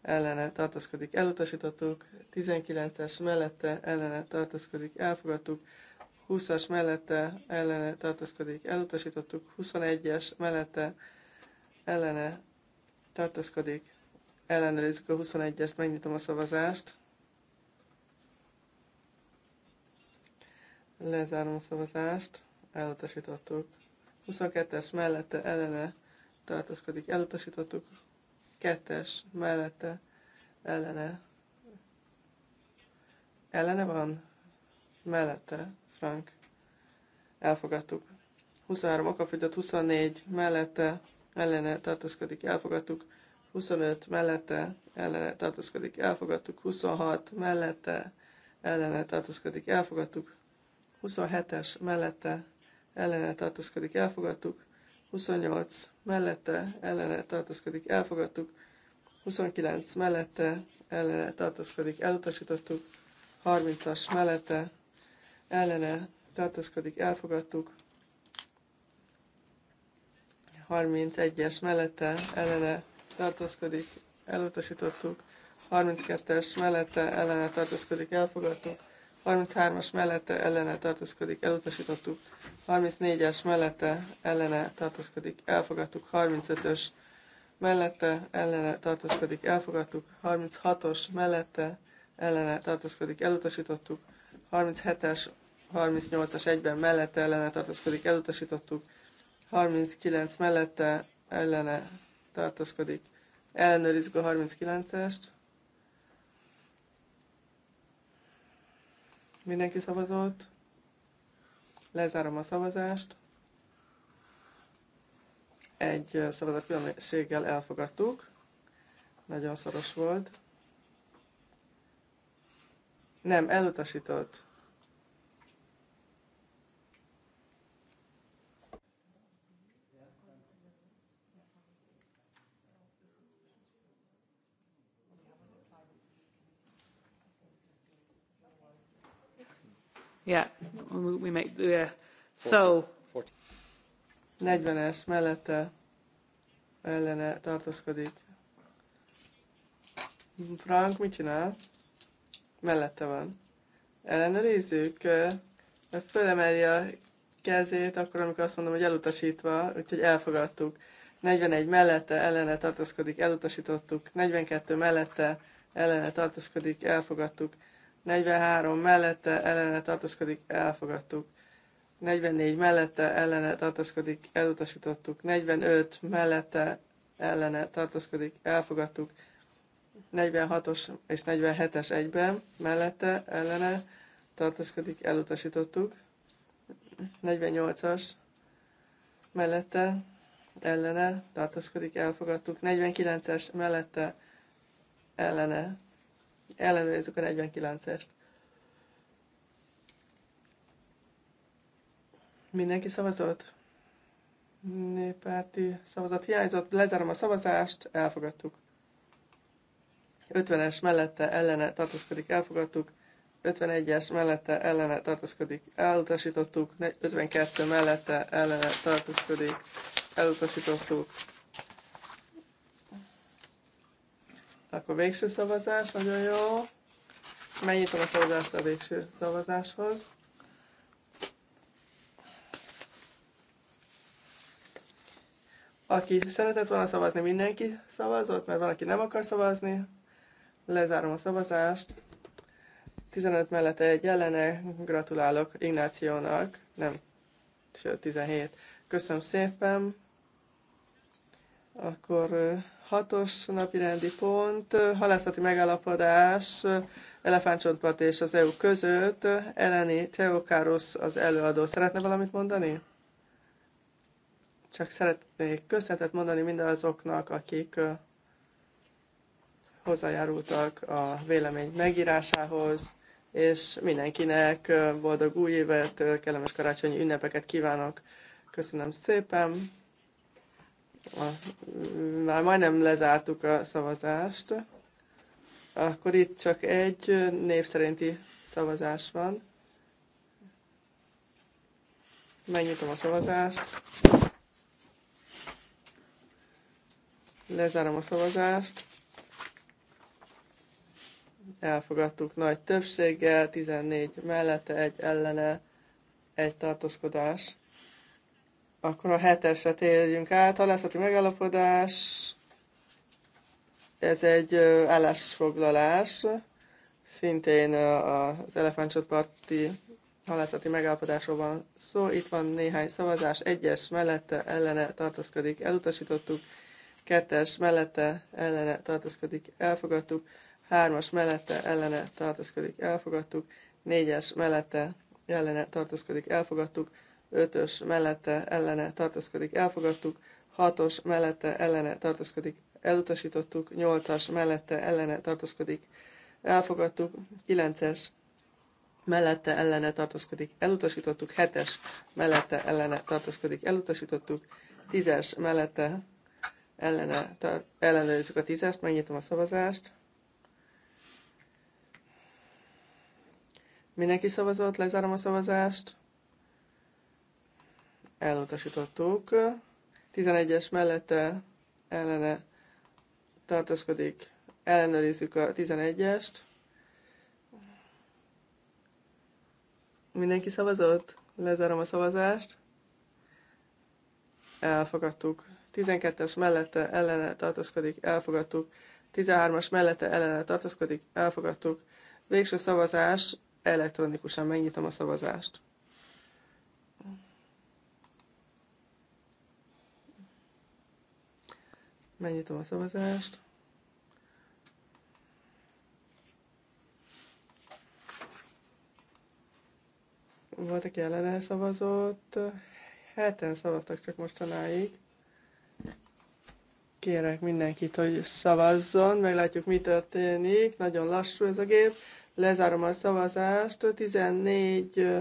ellene tartózkodik, elutasítottuk, 19-es mellette ellene tartózkodik, elfogadtuk, 20-as mellette ellene tartózkodik, elutasítottuk, 21-es mellette ellene tartózkodik, ellenőrizzük a 21-est, megnyitom a szavazást, lezárom a szavazást, elutasítottuk, 22-es mellette ellene tartózkodik, elutasítottuk, Kettes mellette ellene. Ellene van? Mellette, Frank. Elfogadtuk. 23 okafogyott, 24 mellette ellene tartózkodik, elfogadtuk. 25 mellette ellene tartózkodik, elfogadtuk. 26 mellette ellene tartózkodik, elfogadtuk. 27-es mellette ellene tartózkodik, elfogadtuk. 28 mellette ellene tartózkodik, elfogadtuk. 29 mellette ellene tartózkodik, elutasítottuk. 30-as mellette ellene tartózkodik, elfogadtuk. 31-es mellette ellene tartózkodik, elutasítottuk. 32-es mellette ellene tartózkodik, elfogadtuk. 33-as mellette ellene tartózkodik, elutasítottuk. 34-es mellette ellene tartózkodik, elfogadtuk. 35-ös mellette ellene tartózkodik, elfogadtuk. 36-os mellette ellene tartózkodik, elutasítottuk. 37-es, 38-as egyben mellette ellene tartózkodik, elutasítottuk. 39 mellette ellene tartózkodik. Ellenőrizzük a 39-est. Mindenki szavazott. Lezárom a szavazást. Egy szavazat különbséggel elfogadtuk. Nagyon szoros volt. Nem, elutasított. Yeah, we make, yeah. So. 40-es mellette ellene tartózkodik. Frank mit csinál? Mellette van. Ellenőrizzük. Fölemeli a kezét, akkor amikor azt mondom, hogy elutasítva, úgyhogy elfogadtuk. 41 mellette ellene tartózkodik, elutasítottuk. 42 mellette ellene tartózkodik, elfogadtuk. 43 mellette ellene tartózkodik, elfogadtuk. 44 mellette ellene tartózkodik, elutasítottuk. 45 mellette ellene tartózkodik, elfogadtuk. 46-os és 47-es egyben mellette ellene tartózkodik, elutasítottuk. 48-as mellette ellene tartózkodik, elfogadtuk. 49-es mellette ellene Ellenőrizzük a 49-est. Mindenki szavazott? Néppárti szavazat hiányzott. Lezárom a szavazást, elfogadtuk. 50-es mellette ellene tartózkodik, elfogadtuk. 51-es mellette ellene tartózkodik, elutasítottuk. 52 mellette ellene tartózkodik, elutasítottuk. Akkor végső szavazás, nagyon jó. Megnyitom a szavazást a végső szavazáshoz. Aki szeretett volna szavazni, mindenki szavazott, mert valaki nem akar szavazni. Lezárom a szavazást. 15 mellett egy ellene, gratulálok Ignációnak, nem, sőt 17. Köszönöm szépen. Akkor Hatos napi rendi pont, halászati megállapodás Elefántcsontpart és az EU között. Eleni Teokárosz az előadó. Szeretne valamit mondani? Csak szeretnék köszönetet mondani mindazoknak, akik hozzájárultak a vélemény megírásához, és mindenkinek boldog új évet, kellemes karácsonyi ünnepeket kívánok. Köszönöm szépen! a, már majdnem lezártuk a szavazást, akkor itt csak egy név szerinti szavazás van. Megnyitom a szavazást. Lezárom a szavazást. Elfogadtuk nagy többséggel, 14 mellette, egy ellene, egy tartózkodás. Akkor a hetesre térjünk át. Halászati megállapodás. Ez egy állásfoglalás. Szintén az elefántcsontparti halászati megállapodásról van szó. Itt van néhány szavazás. Egyes mellette ellene tartozkodik. Elutasítottuk. Kettes mellette ellene tartozkodik. Elfogadtuk. Hármas mellette ellene tartozkodik. Elfogadtuk. Négyes mellette ellene tartozkodik. Elfogadtuk 5-ös mellette ellene tartózkodik, elfogadtuk, 6-os mellette ellene tartózkodik, elutasítottuk, 8-as mellette ellene tartózkodik, elfogadtuk, 9-es mellette ellene tartózkodik, elutasítottuk, 7-es mellette ellene tartózkodik, elutasítottuk, 10-es mellette ellene, ellenőrizzük a 10-est, megnyitom a szavazást. Mindenki szavazott, lezárom a szavazást elutasítottuk. 11-es mellette ellene tartózkodik, ellenőrizzük a 11-est. Mindenki szavazott? Lezárom a szavazást. Elfogadtuk. 12-es mellette ellene tartózkodik, elfogadtuk. 13-as mellette ellene tartózkodik, elfogadtuk. Végső szavazás, elektronikusan megnyitom a szavazást. Megnyitom a szavazást. Volt, aki ellene szavazott. Heten szavaztak csak mostanáig. Kérek mindenkit, hogy szavazzon. Meglátjuk, mi történik. Nagyon lassú ez a gép. Lezárom a szavazást. 14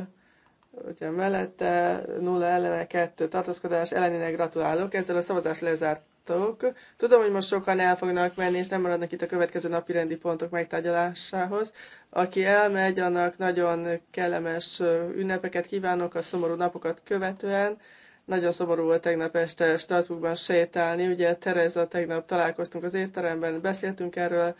ugye mellette, nulla ellene, kettő tartózkodás ellenének gratulálok. Ezzel a szavazást lezárt láttok. Tudom, hogy most sokan el fognak menni, és nem maradnak itt a következő napi rendi pontok megtárgyalásához. Aki elmegy, annak nagyon kellemes ünnepeket kívánok a szomorú napokat követően. Nagyon szomorú volt tegnap este Strasbourgban sétálni. Ugye Tereza tegnap találkoztunk az étteremben, beszéltünk erről.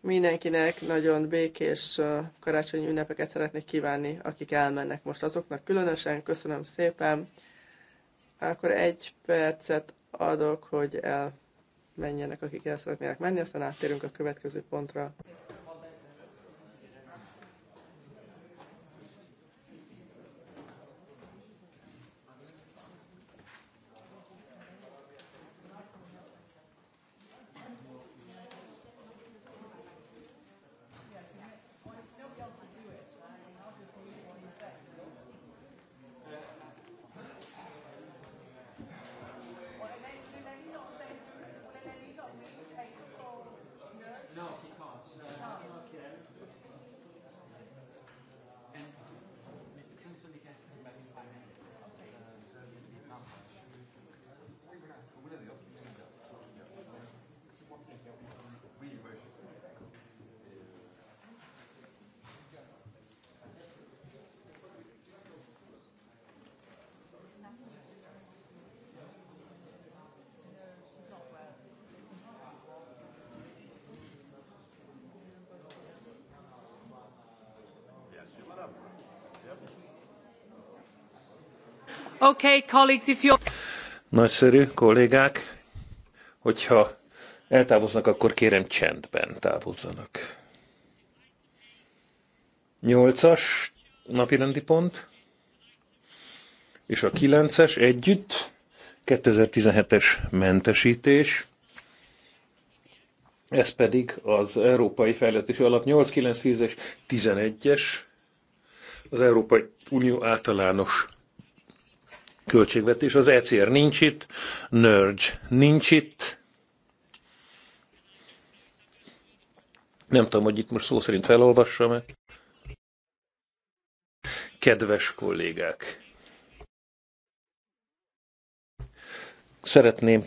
Mindenkinek nagyon békés karácsonyi ünnepeket szeretnék kívánni, akik elmennek most azoknak. Különösen köszönöm szépen akkor egy percet adok, hogy elmenjenek, akik el szeretnének menni, aztán áttérünk a következő pontra. Okay, colleagues, if you... Nagyszerű, kollégák, hogyha eltávoznak, akkor kérem csendben távozzanak. Nyolcas napirendi pont, és a kilences együtt, 2017-es mentesítés, ez pedig az Európai Fejlesztési Alap 8, 9, 10 és 11-es, az Európai Unió általános költségvetés. Az ECR nincs itt, NERGE nincs itt. Nem tudom, hogy itt most szó szerint felolvassam-e. Kedves kollégák! Szeretném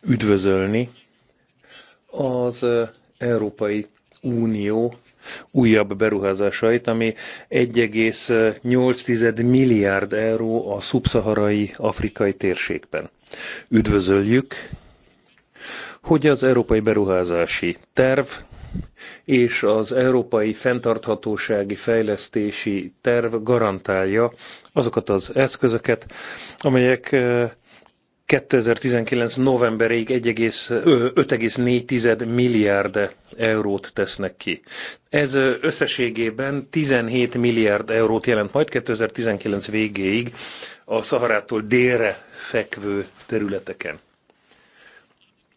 üdvözölni az Európai Unió újabb beruházásait, ami 1,8 milliárd euró a szubszaharai afrikai térségben. Üdvözöljük, hogy az Európai Beruházási Terv és az Európai fenntarthatósági Fejlesztési Terv garantálja azokat az eszközöket, amelyek eh, 2019 novemberéig 5,4 milliárd eurót tesznek ki. Ez összességében 17 milliárd eurót jelent majd 2019 végéig a Szaharától délre fekvő területeken.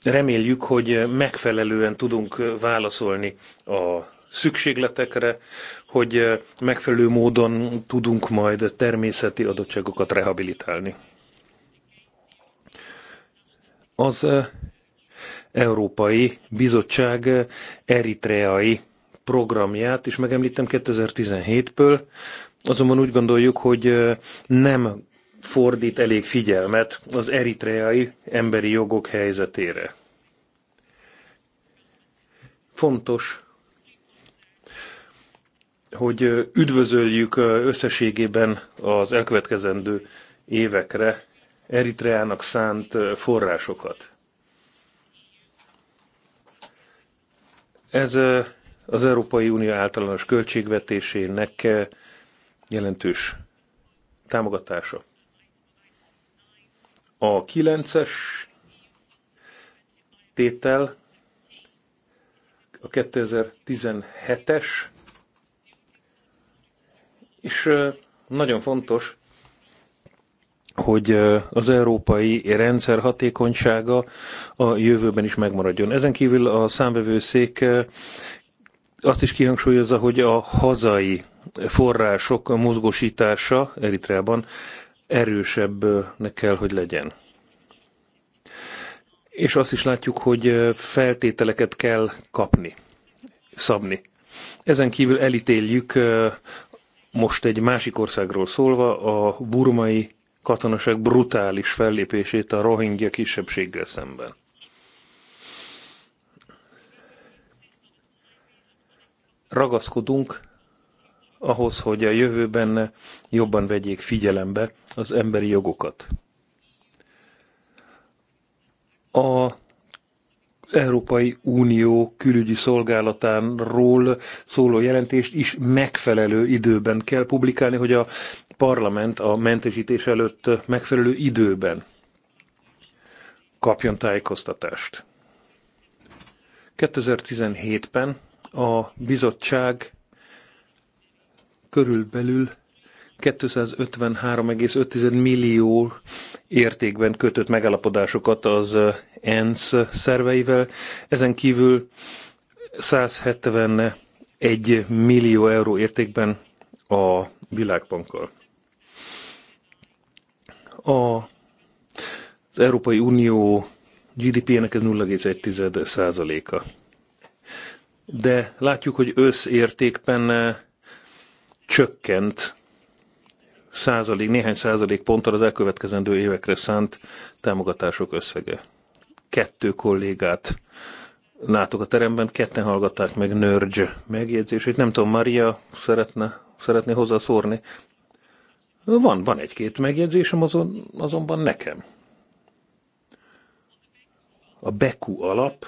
Reméljük, hogy megfelelően tudunk válaszolni a szükségletekre, hogy megfelelő módon tudunk majd természeti adottságokat rehabilitálni. Az Európai Bizottság eritreai programját is megemlítem 2017-ből, azonban úgy gondoljuk, hogy nem fordít elég figyelmet az eritreai emberi jogok helyzetére. Fontos, hogy üdvözöljük összességében az elkövetkezendő évekre Eritreának szánt forrásokat. Ez az Európai Unió általános költségvetésének jelentős támogatása. A kilences tétel, a 2017-es, és nagyon fontos, hogy az európai rendszer hatékonysága a jövőben is megmaradjon. Ezen kívül a számvevőszék azt is kihangsúlyozza, hogy a hazai források mozgósítása Eritreában erősebbnek kell, hogy legyen. És azt is látjuk, hogy feltételeket kell kapni, szabni. Ezen kívül elítéljük most egy másik országról szólva a burmai katonaság brutális fellépését a rohingya kisebbséggel szemben. Ragaszkodunk ahhoz, hogy a jövőben jobban vegyék figyelembe az emberi jogokat. A Európai Unió külügyi szolgálatánról szóló jelentést is megfelelő időben kell publikálni, hogy a parlament a mentesítés előtt megfelelő időben kapjon tájékoztatást. 2017-ben a bizottság körülbelül 253,5 millió értékben kötött megállapodásokat az ENSZ szerveivel. Ezen kívül 171 millió euró értékben a Világbankkal. A, az Európai Unió GDP-nek ez 0,1 százaléka. De látjuk, hogy összértékben eh, csökkent százalék, néhány százalék ponttal az elkövetkezendő évekre szánt támogatások összege. Kettő kollégát látok a teremben, ketten hallgatták meg Nörgy megjegyzését. Nem tudom, Maria szeretne, szeretné hozzászórni? Van, van egy-két megjegyzésem azon, azonban nekem. A Beku alap.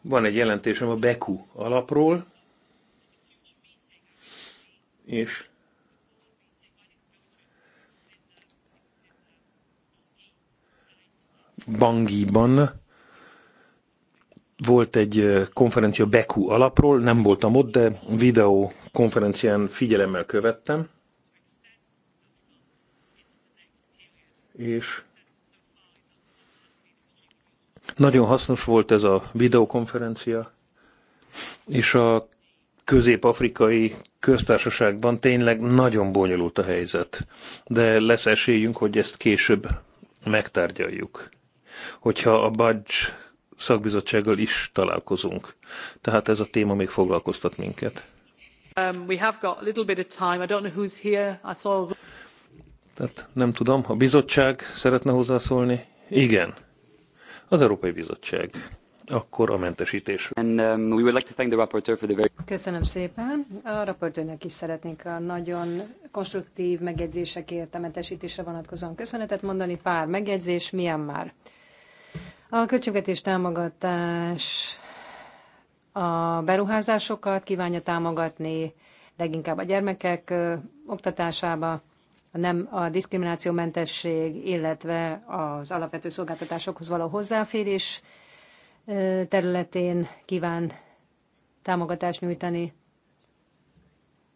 Van egy jelentésem a Beku alapról, és Bangiban volt egy konferencia Beku alapról, nem voltam ott, de videó konferencián figyelemmel követtem. És nagyon hasznos volt ez a videokonferencia, és a közép-afrikai köztársaságban tényleg nagyon bonyolult a helyzet. De lesz esélyünk, hogy ezt később megtárgyaljuk. Hogyha a Budge szakbizottsággal is találkozunk. Tehát ez a téma még foglalkoztat minket. Um, we have got a little bit of time. I don't know who's here. I saw... Tehát nem tudom, a bizottság szeretne hozzászólni? Igen. Az Európai Bizottság. Akkor a mentesítés. And, um, we would like to thank the rapporteur for the very... Köszönöm szépen. A rapportőrnek. is szeretnék a nagyon konstruktív megjegyzésekért a mentesítésre vonatkozóan köszönetet mondani. Pár megjegyzés, milyen már? A költségvetés támogatás a beruházásokat kívánja támogatni, leginkább a gyermekek oktatásába, a, nem, a diszkriminációmentesség, illetve az alapvető szolgáltatásokhoz való hozzáférés területén kíván támogatást nyújtani.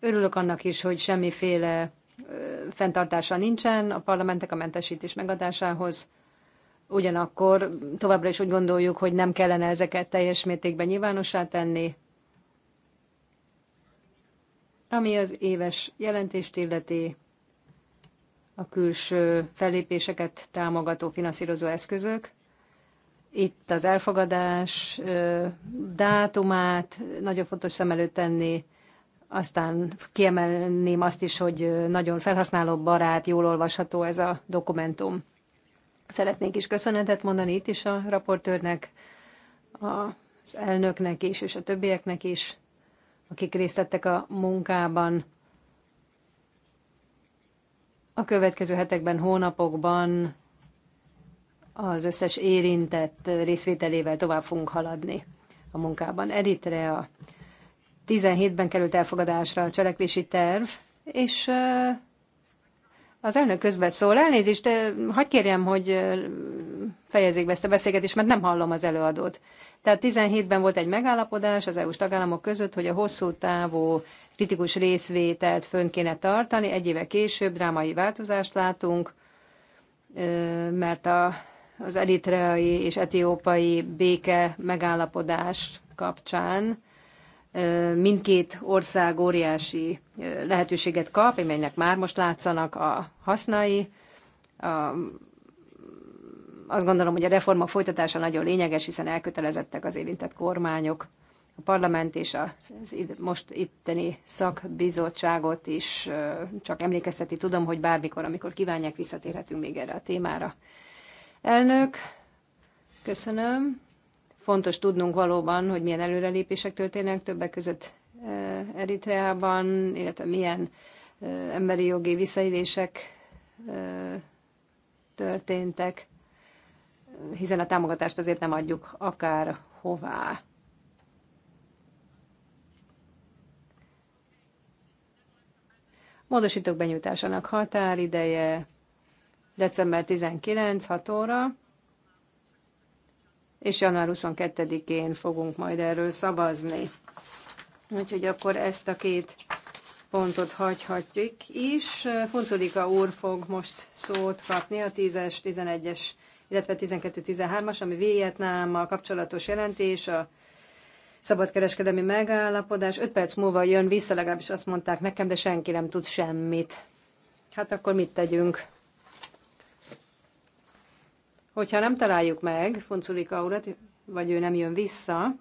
Örülök annak is, hogy semmiféle fenntartása nincsen a parlamentek a mentesítés megadásához. Ugyanakkor továbbra is úgy gondoljuk, hogy nem kellene ezeket teljes mértékben nyilvánossá tenni, ami az éves jelentést illeti a külső fellépéseket támogató finanszírozó eszközök. Itt az elfogadás dátumát nagyon fontos szem előtt tenni, aztán kiemelném azt is, hogy nagyon felhasználó barát, jól olvasható ez a dokumentum. Szeretnék is köszönetet mondani itt is a raportőrnek, az elnöknek is, és a többieknek is, akik részt vettek a munkában. A következő hetekben, hónapokban az összes érintett részvételével tovább fogunk haladni a munkában. Eritrea 17-ben került elfogadásra a cselekvési terv, és az elnök közben szól, elnézést, hagyd kérjem, hogy fejezzék be ezt a beszélgetést, mert nem hallom az előadót. Tehát 17-ben volt egy megállapodás az EU-s tagállamok között, hogy a hosszú távú kritikus részvételt fönn kéne tartani. Egy éve később drámai változást látunk, mert a, az eritreai és etiópai béke megállapodás kapcsán mindkét ország óriási lehetőséget kap, amelynek már most látszanak a hasznai. A, azt gondolom, hogy a reforma folytatása nagyon lényeges, hiszen elkötelezettek az érintett kormányok. A parlament és a most itteni szakbizottságot is csak emlékezteti tudom, hogy bármikor, amikor kívánják, visszatérhetünk még erre a témára. Elnök, köszönöm. Fontos tudnunk valóban, hogy milyen előrelépések történnek többek között Eritreában, illetve milyen emberi jogi visszaélések történtek, hiszen a támogatást azért nem adjuk akár hová. Módosítók benyújtásának határideje december 19, 6 óra és január 22-én fogunk majd erről szavazni. Úgyhogy akkor ezt a két pontot hagyhatjuk is. Funculika úr fog most szót kapni a 10-es, 11-es, illetve 12-13-as, ami Vietnámmal kapcsolatos jelentés, a szabadkereskedelmi megállapodás. 5 perc múlva jön vissza, legalábbis azt mondták nekem, de senki nem tud semmit. Hát akkor mit tegyünk? Hogyha nem találjuk meg Funculika urat, vagy ő nem jön vissza,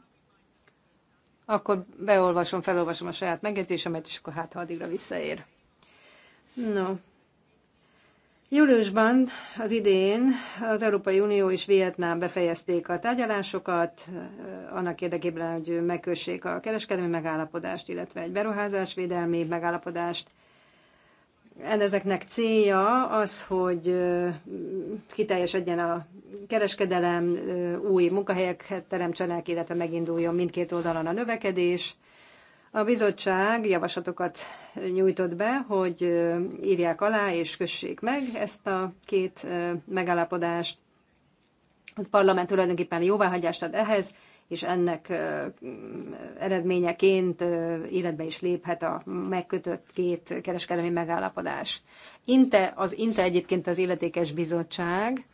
akkor beolvasom, felolvasom a saját megjegyzésemet, és akkor hát ha addigra visszaér. No. Júliusban az idén az Európai Unió és Vietnám befejezték a tárgyalásokat, eh, annak érdekében, hogy megkössék a kereskedelmi megállapodást, illetve egy beruházásvédelmi megállapodást, ezeknek célja az, hogy kiteljesedjen a kereskedelem, új munkahelyeket teremtsenek, illetve meginduljon mindkét oldalon a növekedés. A bizottság javaslatokat nyújtott be, hogy írják alá és kössék meg ezt a két megállapodást. A parlament tulajdonképpen jóváhagyást ad ehhez, és ennek eredményeként életbe is léphet a megkötött két kereskedelmi megállapodás. Inte, az Inte egyébként az Illetékes Bizottság,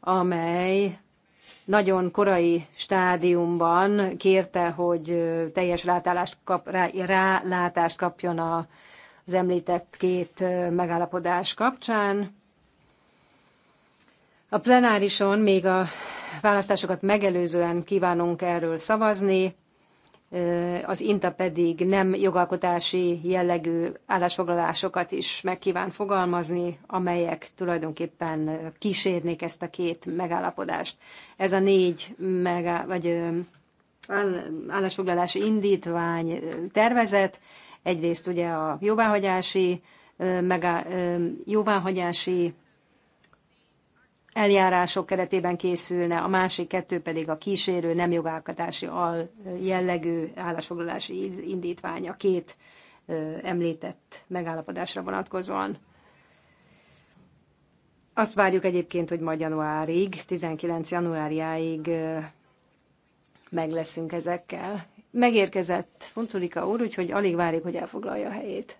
amely nagyon korai stádiumban kérte, hogy teljes rátállást kap, rá, rálátást kapjon a, az említett két megállapodás kapcsán. A plenárison még a választásokat megelőzően kívánunk erről szavazni, az INTA pedig nem jogalkotási jellegű állásfoglalásokat is megkíván fogalmazni, amelyek tulajdonképpen kísérnék ezt a két megállapodást. Ez a négy megá- vagy állásfoglalási indítvány tervezet, egyrészt ugye a jóváhagyási, meg a jóváhagyási eljárások keretében készülne, a másik kettő pedig a kísérő, nem jogálkatási al jellegű állásfoglalási indítványa két említett megállapodásra vonatkozóan. Azt várjuk egyébként, hogy majd januárig, 19 januárjáig meg leszünk ezekkel. Megérkezett Funculika úr, úgyhogy alig várjuk, hogy elfoglalja a helyét.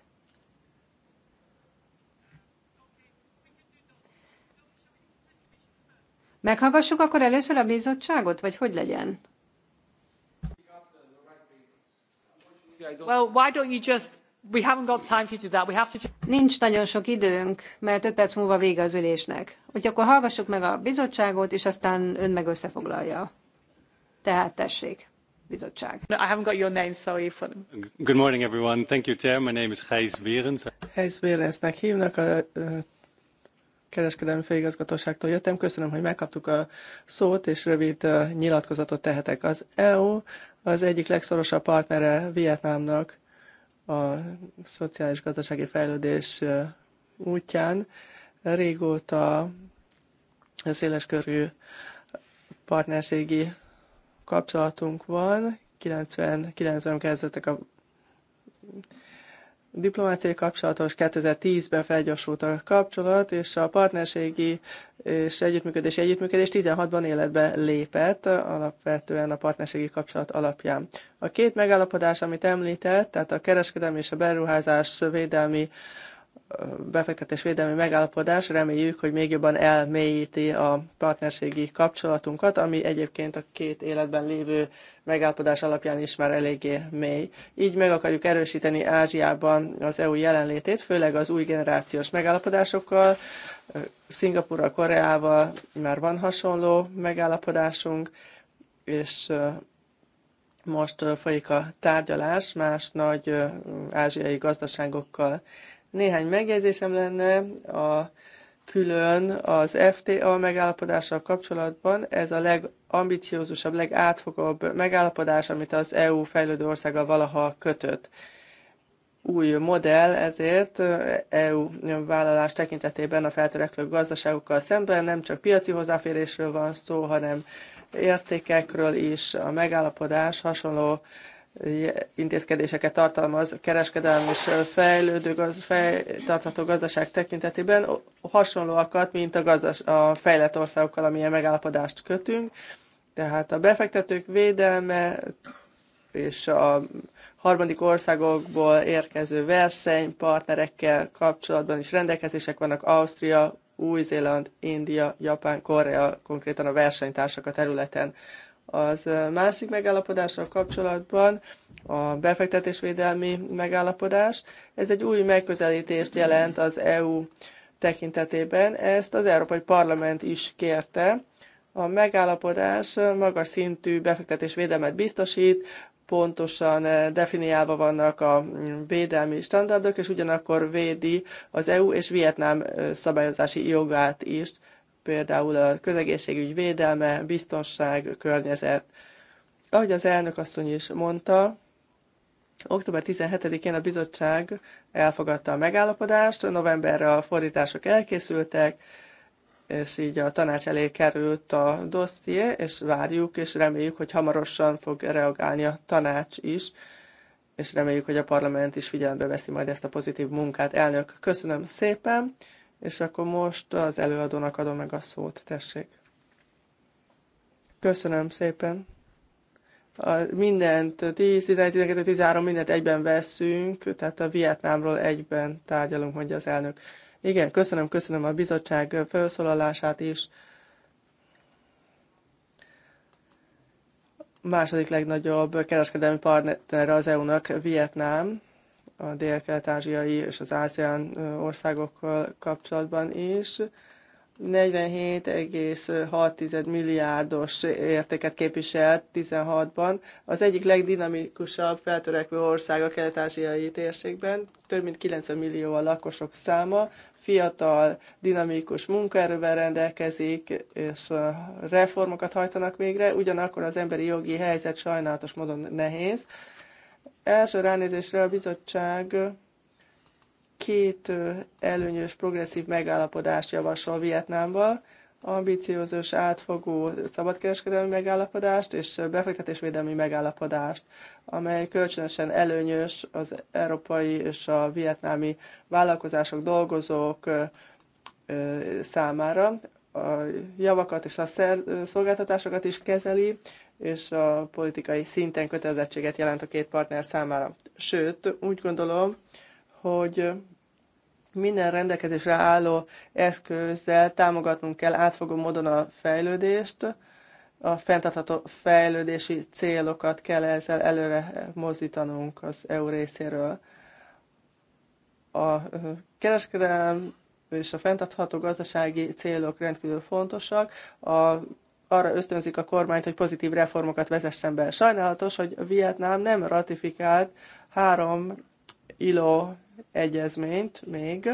Meghallgassuk akkor először a bizottságot, vagy hogy legyen? Well, why don't you just... We haven't got time for you to do that. We have to... Nincs nagyon sok időnk, mert öt perc múlva vége az ülésnek. Úgyhogy akkor hallgassuk meg a bizottságot, és aztán ön meg összefoglalja. Tehát tessék, bizottság. No, I haven't got your name, sorry. For... Good morning, everyone. Thank you, Chair. My name is Gijs Berends. Gijs Berendsnek hívnak, a kereskedelmi főigazgatóságtól jöttem. Köszönöm, hogy megkaptuk a szót, és rövid nyilatkozatot tehetek. Az EU az egyik legszorosabb partnere Vietnámnak a szociális-gazdasági fejlődés útján. Régóta széleskörű partnerségi kapcsolatunk van. 99-ben kezdődtek a diplomáciai kapcsolatos, 2010-ben felgyorsult a kapcsolat, és a partnerségi és együttműködési együttműködés 16-ban életbe lépett, alapvetően a partnerségi kapcsolat alapján. A két megállapodás, amit említett, tehát a kereskedelmi és a beruházás védelmi befektetésvédelmi megállapodás reméljük, hogy még jobban elmélyíti a partnerségi kapcsolatunkat, ami egyébként a két életben lévő megállapodás alapján is már eléggé mély. Így meg akarjuk erősíteni Ázsiában az EU jelenlétét, főleg az új generációs megállapodásokkal. Szingapurral, Koreával már van hasonló megállapodásunk, és most folyik a tárgyalás más nagy ázsiai gazdaságokkal. Néhány megjegyzésem lenne a külön az FTA megállapodással kapcsolatban. Ez a legambiciózusabb, legátfogóbb megállapodás, amit az EU fejlődő országa valaha kötött. Új modell ezért EU vállalás tekintetében a feltörekvő gazdaságokkal szemben nem csak piaci hozzáférésről van szó, hanem értékekről is. A megállapodás hasonló intézkedéseket tartalmaz kereskedelmi és fejlődő, gaz, fej, tartható gazdaság tekintetében, hasonlóakat, mint a, gazdas, a fejlett országokkal, amilyen megállapodást kötünk. Tehát a befektetők védelme és a harmadik országokból érkező versenypartnerekkel kapcsolatban is rendelkezések vannak Ausztria, új-Zéland, India, Japán, Korea, konkrétan a versenytársak a területen. Az másik megállapodással kapcsolatban a befektetésvédelmi megállapodás, ez egy új megközelítést jelent az EU tekintetében. Ezt az Európai Parlament is kérte. A megállapodás magas szintű befektetésvédelmet biztosít, pontosan definiálva vannak a mm, védelmi standardok, és ugyanakkor védi az EU és Vietnám szabályozási jogát is például a közegészségügy védelme, biztonság, környezet. Ahogy az elnök asszony is mondta, október 17-én a bizottság elfogadta a megállapodást, novemberre a fordítások elkészültek, és így a tanács elé került a dosszié, és várjuk, és reméljük, hogy hamarosan fog reagálni a tanács is, és reméljük, hogy a parlament is figyelembe veszi majd ezt a pozitív munkát. Elnök, köszönöm szépen! És akkor most az előadónak adom meg a szót, tessék. Köszönöm szépen. A mindent, 10, 11, 12, 13, mindent egyben veszünk, tehát a Vietnámról egyben tárgyalunk, mondja az elnök. Igen, köszönöm, köszönöm a bizottság felszólalását is. Második legnagyobb kereskedelmi partner az EU-nak Vietnám, a dél-kelet-ázsiai és az ASEAN országokkal kapcsolatban is. 47,6 milliárdos értéket képviselt 16-ban. Az egyik legdinamikusabb feltörekvő ország a kelet-ázsiai térségben, több mint 90 millió a lakosok száma, fiatal, dinamikus munkaerővel rendelkezik, és reformokat hajtanak végre, ugyanakkor az emberi jogi helyzet sajnálatos módon nehéz, Első ránézésre a bizottság két előnyös progresszív megállapodást javasol Vietnámmal, ambiciózus, átfogó szabadkereskedelmi megállapodást és befektetésvédelmi megállapodást, amely kölcsönösen előnyös az európai és a vietnámi vállalkozások, dolgozók számára. A javakat és a szolgáltatásokat is kezeli, és a politikai szinten kötelezettséget jelent a két partner számára. Sőt, úgy gondolom, hogy minden rendelkezésre álló eszközzel támogatnunk kell átfogó módon a fejlődést, a fenntartható fejlődési célokat kell ezzel előre mozdítanunk az EU részéről. A kereskedelem és a fenntartható gazdasági célok rendkívül fontosak. A arra ösztönzik a kormányt, hogy pozitív reformokat vezessen be. Sajnálatos, hogy Vietnám nem ratifikált három ILO egyezményt még,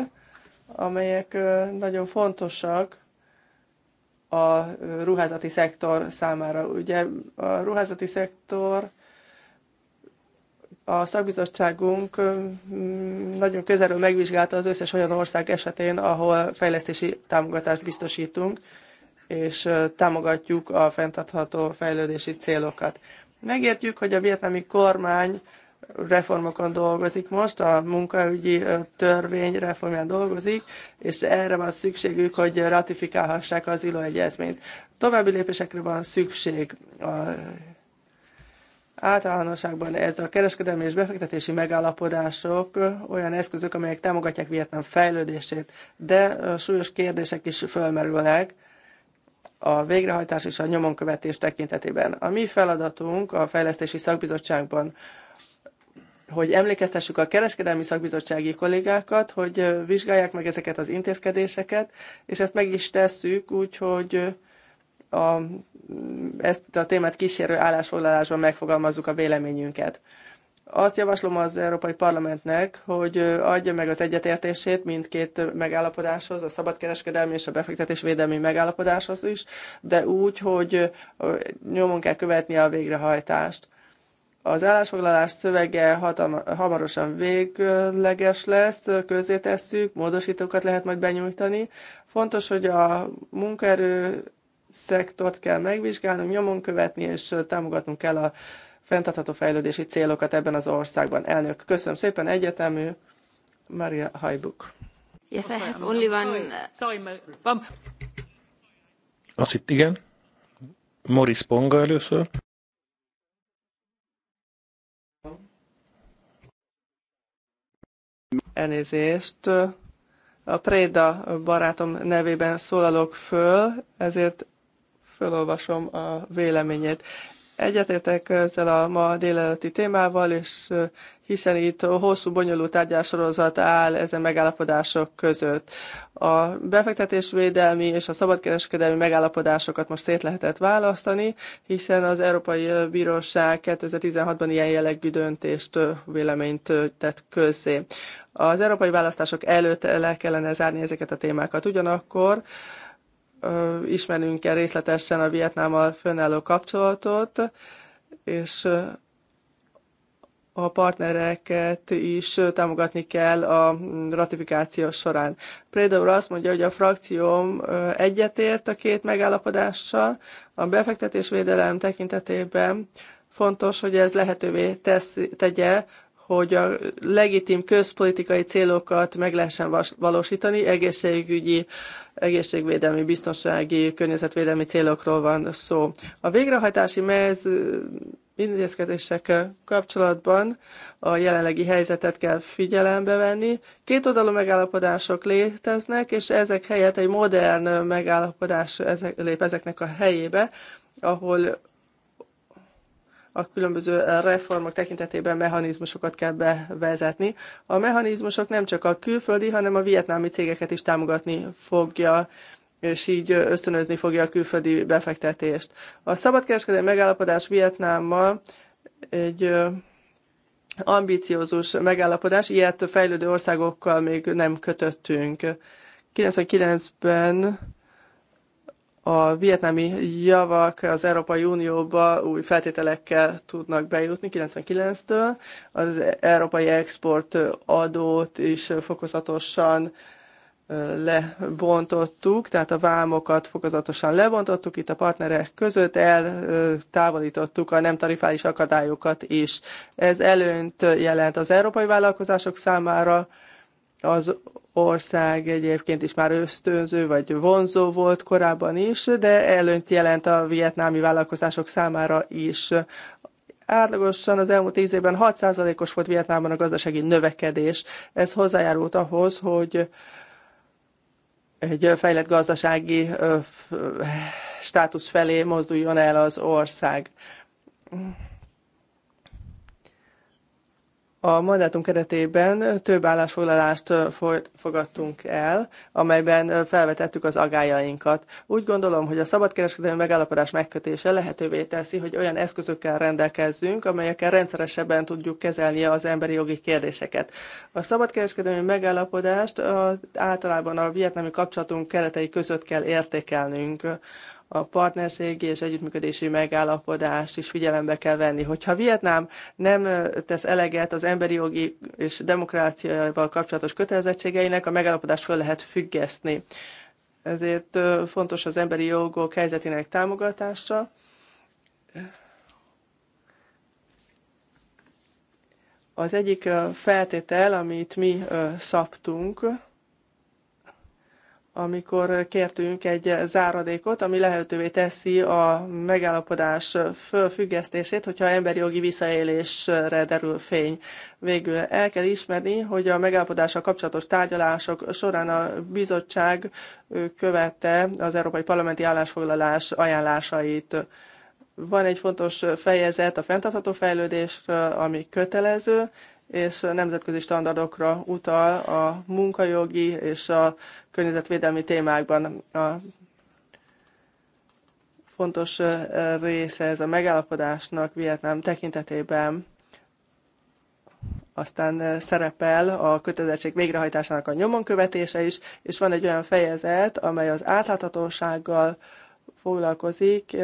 amelyek nagyon fontosak a ruházati szektor számára. Ugye a ruházati szektor a szakbizottságunk nagyon közelről megvizsgálta az összes olyan ország esetén, ahol fejlesztési támogatást biztosítunk, és támogatjuk a fenntartható fejlődési célokat. Megértjük, hogy a vietnami kormány reformokon dolgozik most, a munkaügyi törvény reformján dolgozik, és erre van szükségük, hogy ratifikálhassák az ILO egyezményt. További lépésekre van szükség. A általánosságban ez a kereskedelmi és befektetési megállapodások olyan eszközök, amelyek támogatják Vietnám fejlődését, de súlyos kérdések is fölmerülnek, a végrehajtás és a nyomonkövetés tekintetében. A mi feladatunk a Fejlesztési Szakbizottságban, hogy emlékeztessük a kereskedelmi szakbizottsági kollégákat, hogy vizsgálják meg ezeket az intézkedéseket, és ezt meg is tesszük, úgyhogy a, ezt a témát kísérő állásfoglalásban megfogalmazzuk a véleményünket. Azt javaslom az Európai Parlamentnek, hogy adja meg az egyetértését mindkét megállapodáshoz, a szabadkereskedelmi és a befektetésvédelmi megállapodáshoz is, de úgy, hogy nyomon kell követni a végrehajtást. Az állásfoglalás szövege hatam, hamarosan végleges lesz, közé tesszük, módosítókat lehet majd benyújtani. Fontos, hogy a munkaerő szektort kell megvizsgálnunk, nyomon követni, és támogatnunk kell a fenntartható fejlődési célokat ebben az országban. Elnök, köszönöm szépen, egyetemű, Maria Hajbuk. Yes, I have only one... Sorry, uh, sorry, Azt itt igen. Morris Ponga először. Elnézést. A Préda barátom nevében szólalok föl, ezért felolvasom a véleményét. Egyetértek ezzel a ma délelőtti témával, és hiszen itt hosszú, bonyolult tárgyásorozat áll ezen megállapodások között. A befektetésvédelmi és a szabadkereskedelmi megállapodásokat most szét lehetett választani, hiszen az Európai Bíróság 2016-ban ilyen jellegű döntést, véleményt tett közzé. Az európai választások előtt le kellene zárni ezeket a témákat. Ugyanakkor ismerünk el részletesen a Vietnámmal fönnálló kapcsolatot, és a partnereket is támogatni kell a ratifikáció során. Préda úr azt mondja, hogy a frakcióm egyetért a két megállapodással. A befektetésvédelem tekintetében fontos, hogy ez lehetővé tesz, tegye, hogy a legitim közpolitikai célokat meg lehessen valósítani, egészségügyi egészségvédelmi, biztonsági, környezetvédelmi célokról van szó. A végrehajtási mez intézkedések kapcsolatban a jelenlegi helyzetet kell figyelembe venni. Két oldalú megállapodások léteznek, és ezek helyett egy modern megállapodás ezek, lép ezeknek a helyébe, ahol a különböző reformok tekintetében mechanizmusokat kell bevezetni. A mechanizmusok nem csak a külföldi, hanem a vietnámi cégeket is támogatni fogja és így ösztönözni fogja a külföldi befektetést. A szabadkereskedelmi megállapodás Vietnámmal egy ambiciózus megállapodás, ilyet fejlődő országokkal még nem kötöttünk. 99-ben a vietnámi javak az Európai Unióba új feltételekkel tudnak bejutni 99-től. Az európai export adót is fokozatosan lebontottuk, tehát a vámokat fokozatosan lebontottuk, itt a partnerek között eltávolítottuk a nem tarifális akadályokat is. Ez előnyt jelent az európai vállalkozások számára, az ország egyébként is már ösztönző vagy vonzó volt korábban is, de előnyt jelent a vietnámi vállalkozások számára is. Átlagosan az elmúlt tíz évben 6%-os volt Vietnámban a gazdasági növekedés. Ez hozzájárult ahhoz, hogy egy fejlett gazdasági státusz felé mozduljon el az ország. A mandátum keretében több állásfoglalást fogadtunk el, amelyben felvetettük az agályainkat. Úgy gondolom, hogy a szabadkereskedelmi megállapodás megkötése lehetővé teszi, hogy olyan eszközökkel rendelkezzünk, amelyekkel rendszeresebben tudjuk kezelni az emberi jogi kérdéseket. A szabadkereskedelmi megállapodást általában a vietnámi kapcsolatunk keretei között kell értékelnünk a partnerségi és együttműködési megállapodást is figyelembe kell venni. Hogyha Vietnám nem tesz eleget az emberi jogi és demokráciával kapcsolatos kötelezettségeinek, a megállapodást föl lehet függeszteni. Ezért fontos az emberi jogok helyzetének támogatása. Az egyik feltétel, amit mi szabtunk, amikor kértünk egy záradékot, ami lehetővé teszi a megállapodás fölfüggesztését, hogyha emberi jogi visszaélésre derül fény. Végül el kell ismerni, hogy a megállapodással kapcsolatos tárgyalások során a bizottság követte az Európai Parlamenti állásfoglalás ajánlásait. Van egy fontos fejezet a fenntartható fejlődésről, ami kötelező, és nemzetközi standardokra utal a munkajogi és a környezetvédelmi témákban. A fontos része ez a megállapodásnak Vietnám tekintetében aztán szerepel a kötelezettség végrehajtásának a nyomon követése is, és van egy olyan fejezet, amely az átláthatósággal foglalkozik,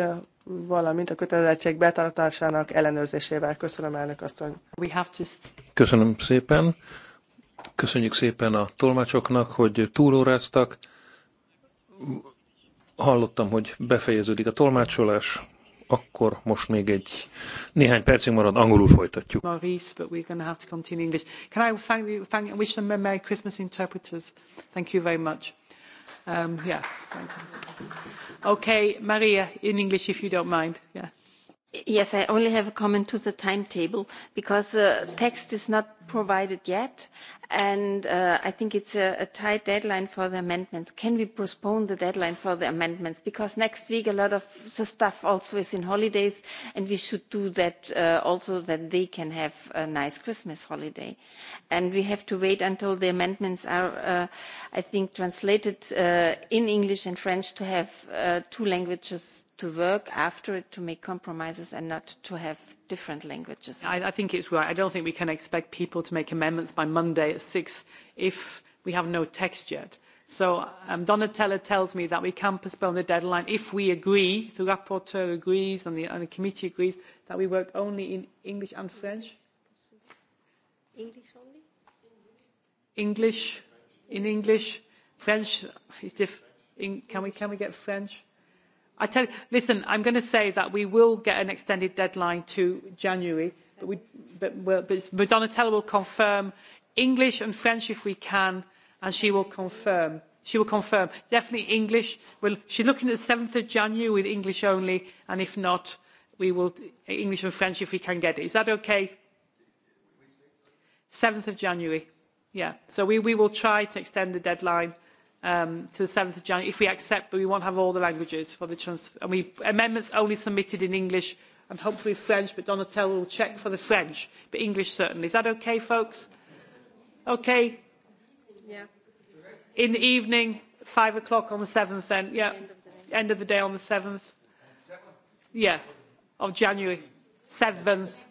valamint a kötelezettség betartásának ellenőrzésével. Köszönöm, elnök asszony. Köszönöm szépen. Köszönjük szépen a tolmácsoknak, hogy túlóráztak. Hallottam, hogy befejeződik a tolmácsolás. Akkor most még egy néhány percig marad, angolul folytatjuk. Maurice, but we're going to have to continue English. Can I thank you, thank you, wish them a Merry Christmas interpreters. Thank you very much. Um, yeah. Okay, Maria, in English, if you don't mind. Yeah. Yes, I only have a comment to the timetable because the uh, text is not provided yet, and uh, I think it's a, a tight deadline for the amendments. Can we postpone the deadline for the amendments? Because next week a lot of the staff also is in holidays, and we should do that uh, also that they can have a nice Christmas holiday. And we have to wait until the amendments are, uh, I think, translated uh, in English and French to have uh, two languages to work after it to make compromises and not to have different languages. I, I think it's right. I don't think we can expect people to make amendments by Monday at six if we have no text yet. So um, Donatella tells me that we can postpone the deadline if we agree, the rapporteur agrees and the, and the committee agrees, that we work only in English and French. English only? English, in English. French, is diff in, can, we, can we get French? I tell you, listen, I'm going to say that we will get an extended deadline to January, but, we, but, we'll, but Donatella will confirm English and French if we can, and she will confirm. She will confirm. Definitely English. We'll, she's looking at the 7th of January with English only, and if not, we will English and French if we can get it. Is that okay? 7th of January. Yeah. So we, we will try to extend the deadline um, to the 7th of January, if we accept, but we won't have all the languages for the trans. And we amendments only submitted in English and hopefully French, but Donatello will check for the French, but English certainly. Is that okay, folks? Okay? Yeah. In the evening, five o'clock on the 7th then, yeah. End of, the End of the day on the 7th. 7th? Yeah, of January. 7th. 7th.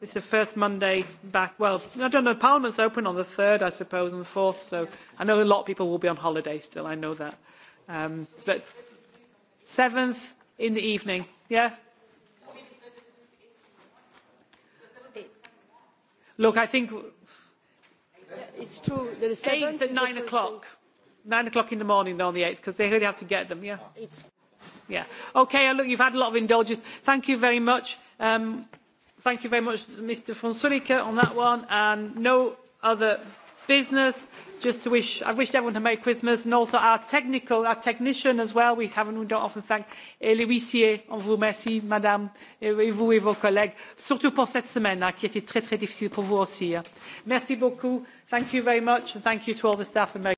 It's the first Monday back. Well, I don't know. Parliament's open on the 3rd, I suppose, and the 4th. So I know a lot of people will be on holiday still. I know that. Um, but 7th in the evening. Yeah? Look, I think it's true. The 7th at 9 o'clock. Thing nine o'clock in the morning on the 8th because they really have to get them yeah it's yeah okay uh, look you've had a lot of indulgence thank you very much um, Thank you very much, Mr. Fonsulica, on that one. And no other business. Just to wish, I wish everyone a Merry Christmas, and also our technical, our technician as well. We haven't, we don't often thank et huissiers On vous remercie, Madame, et vous et vos collègues, surtout pour cette semaine hein, qui a été très très difficile pour vous aussi. Hein. Merci beaucoup. Thank you very much, and thank you to all the staff. And Merry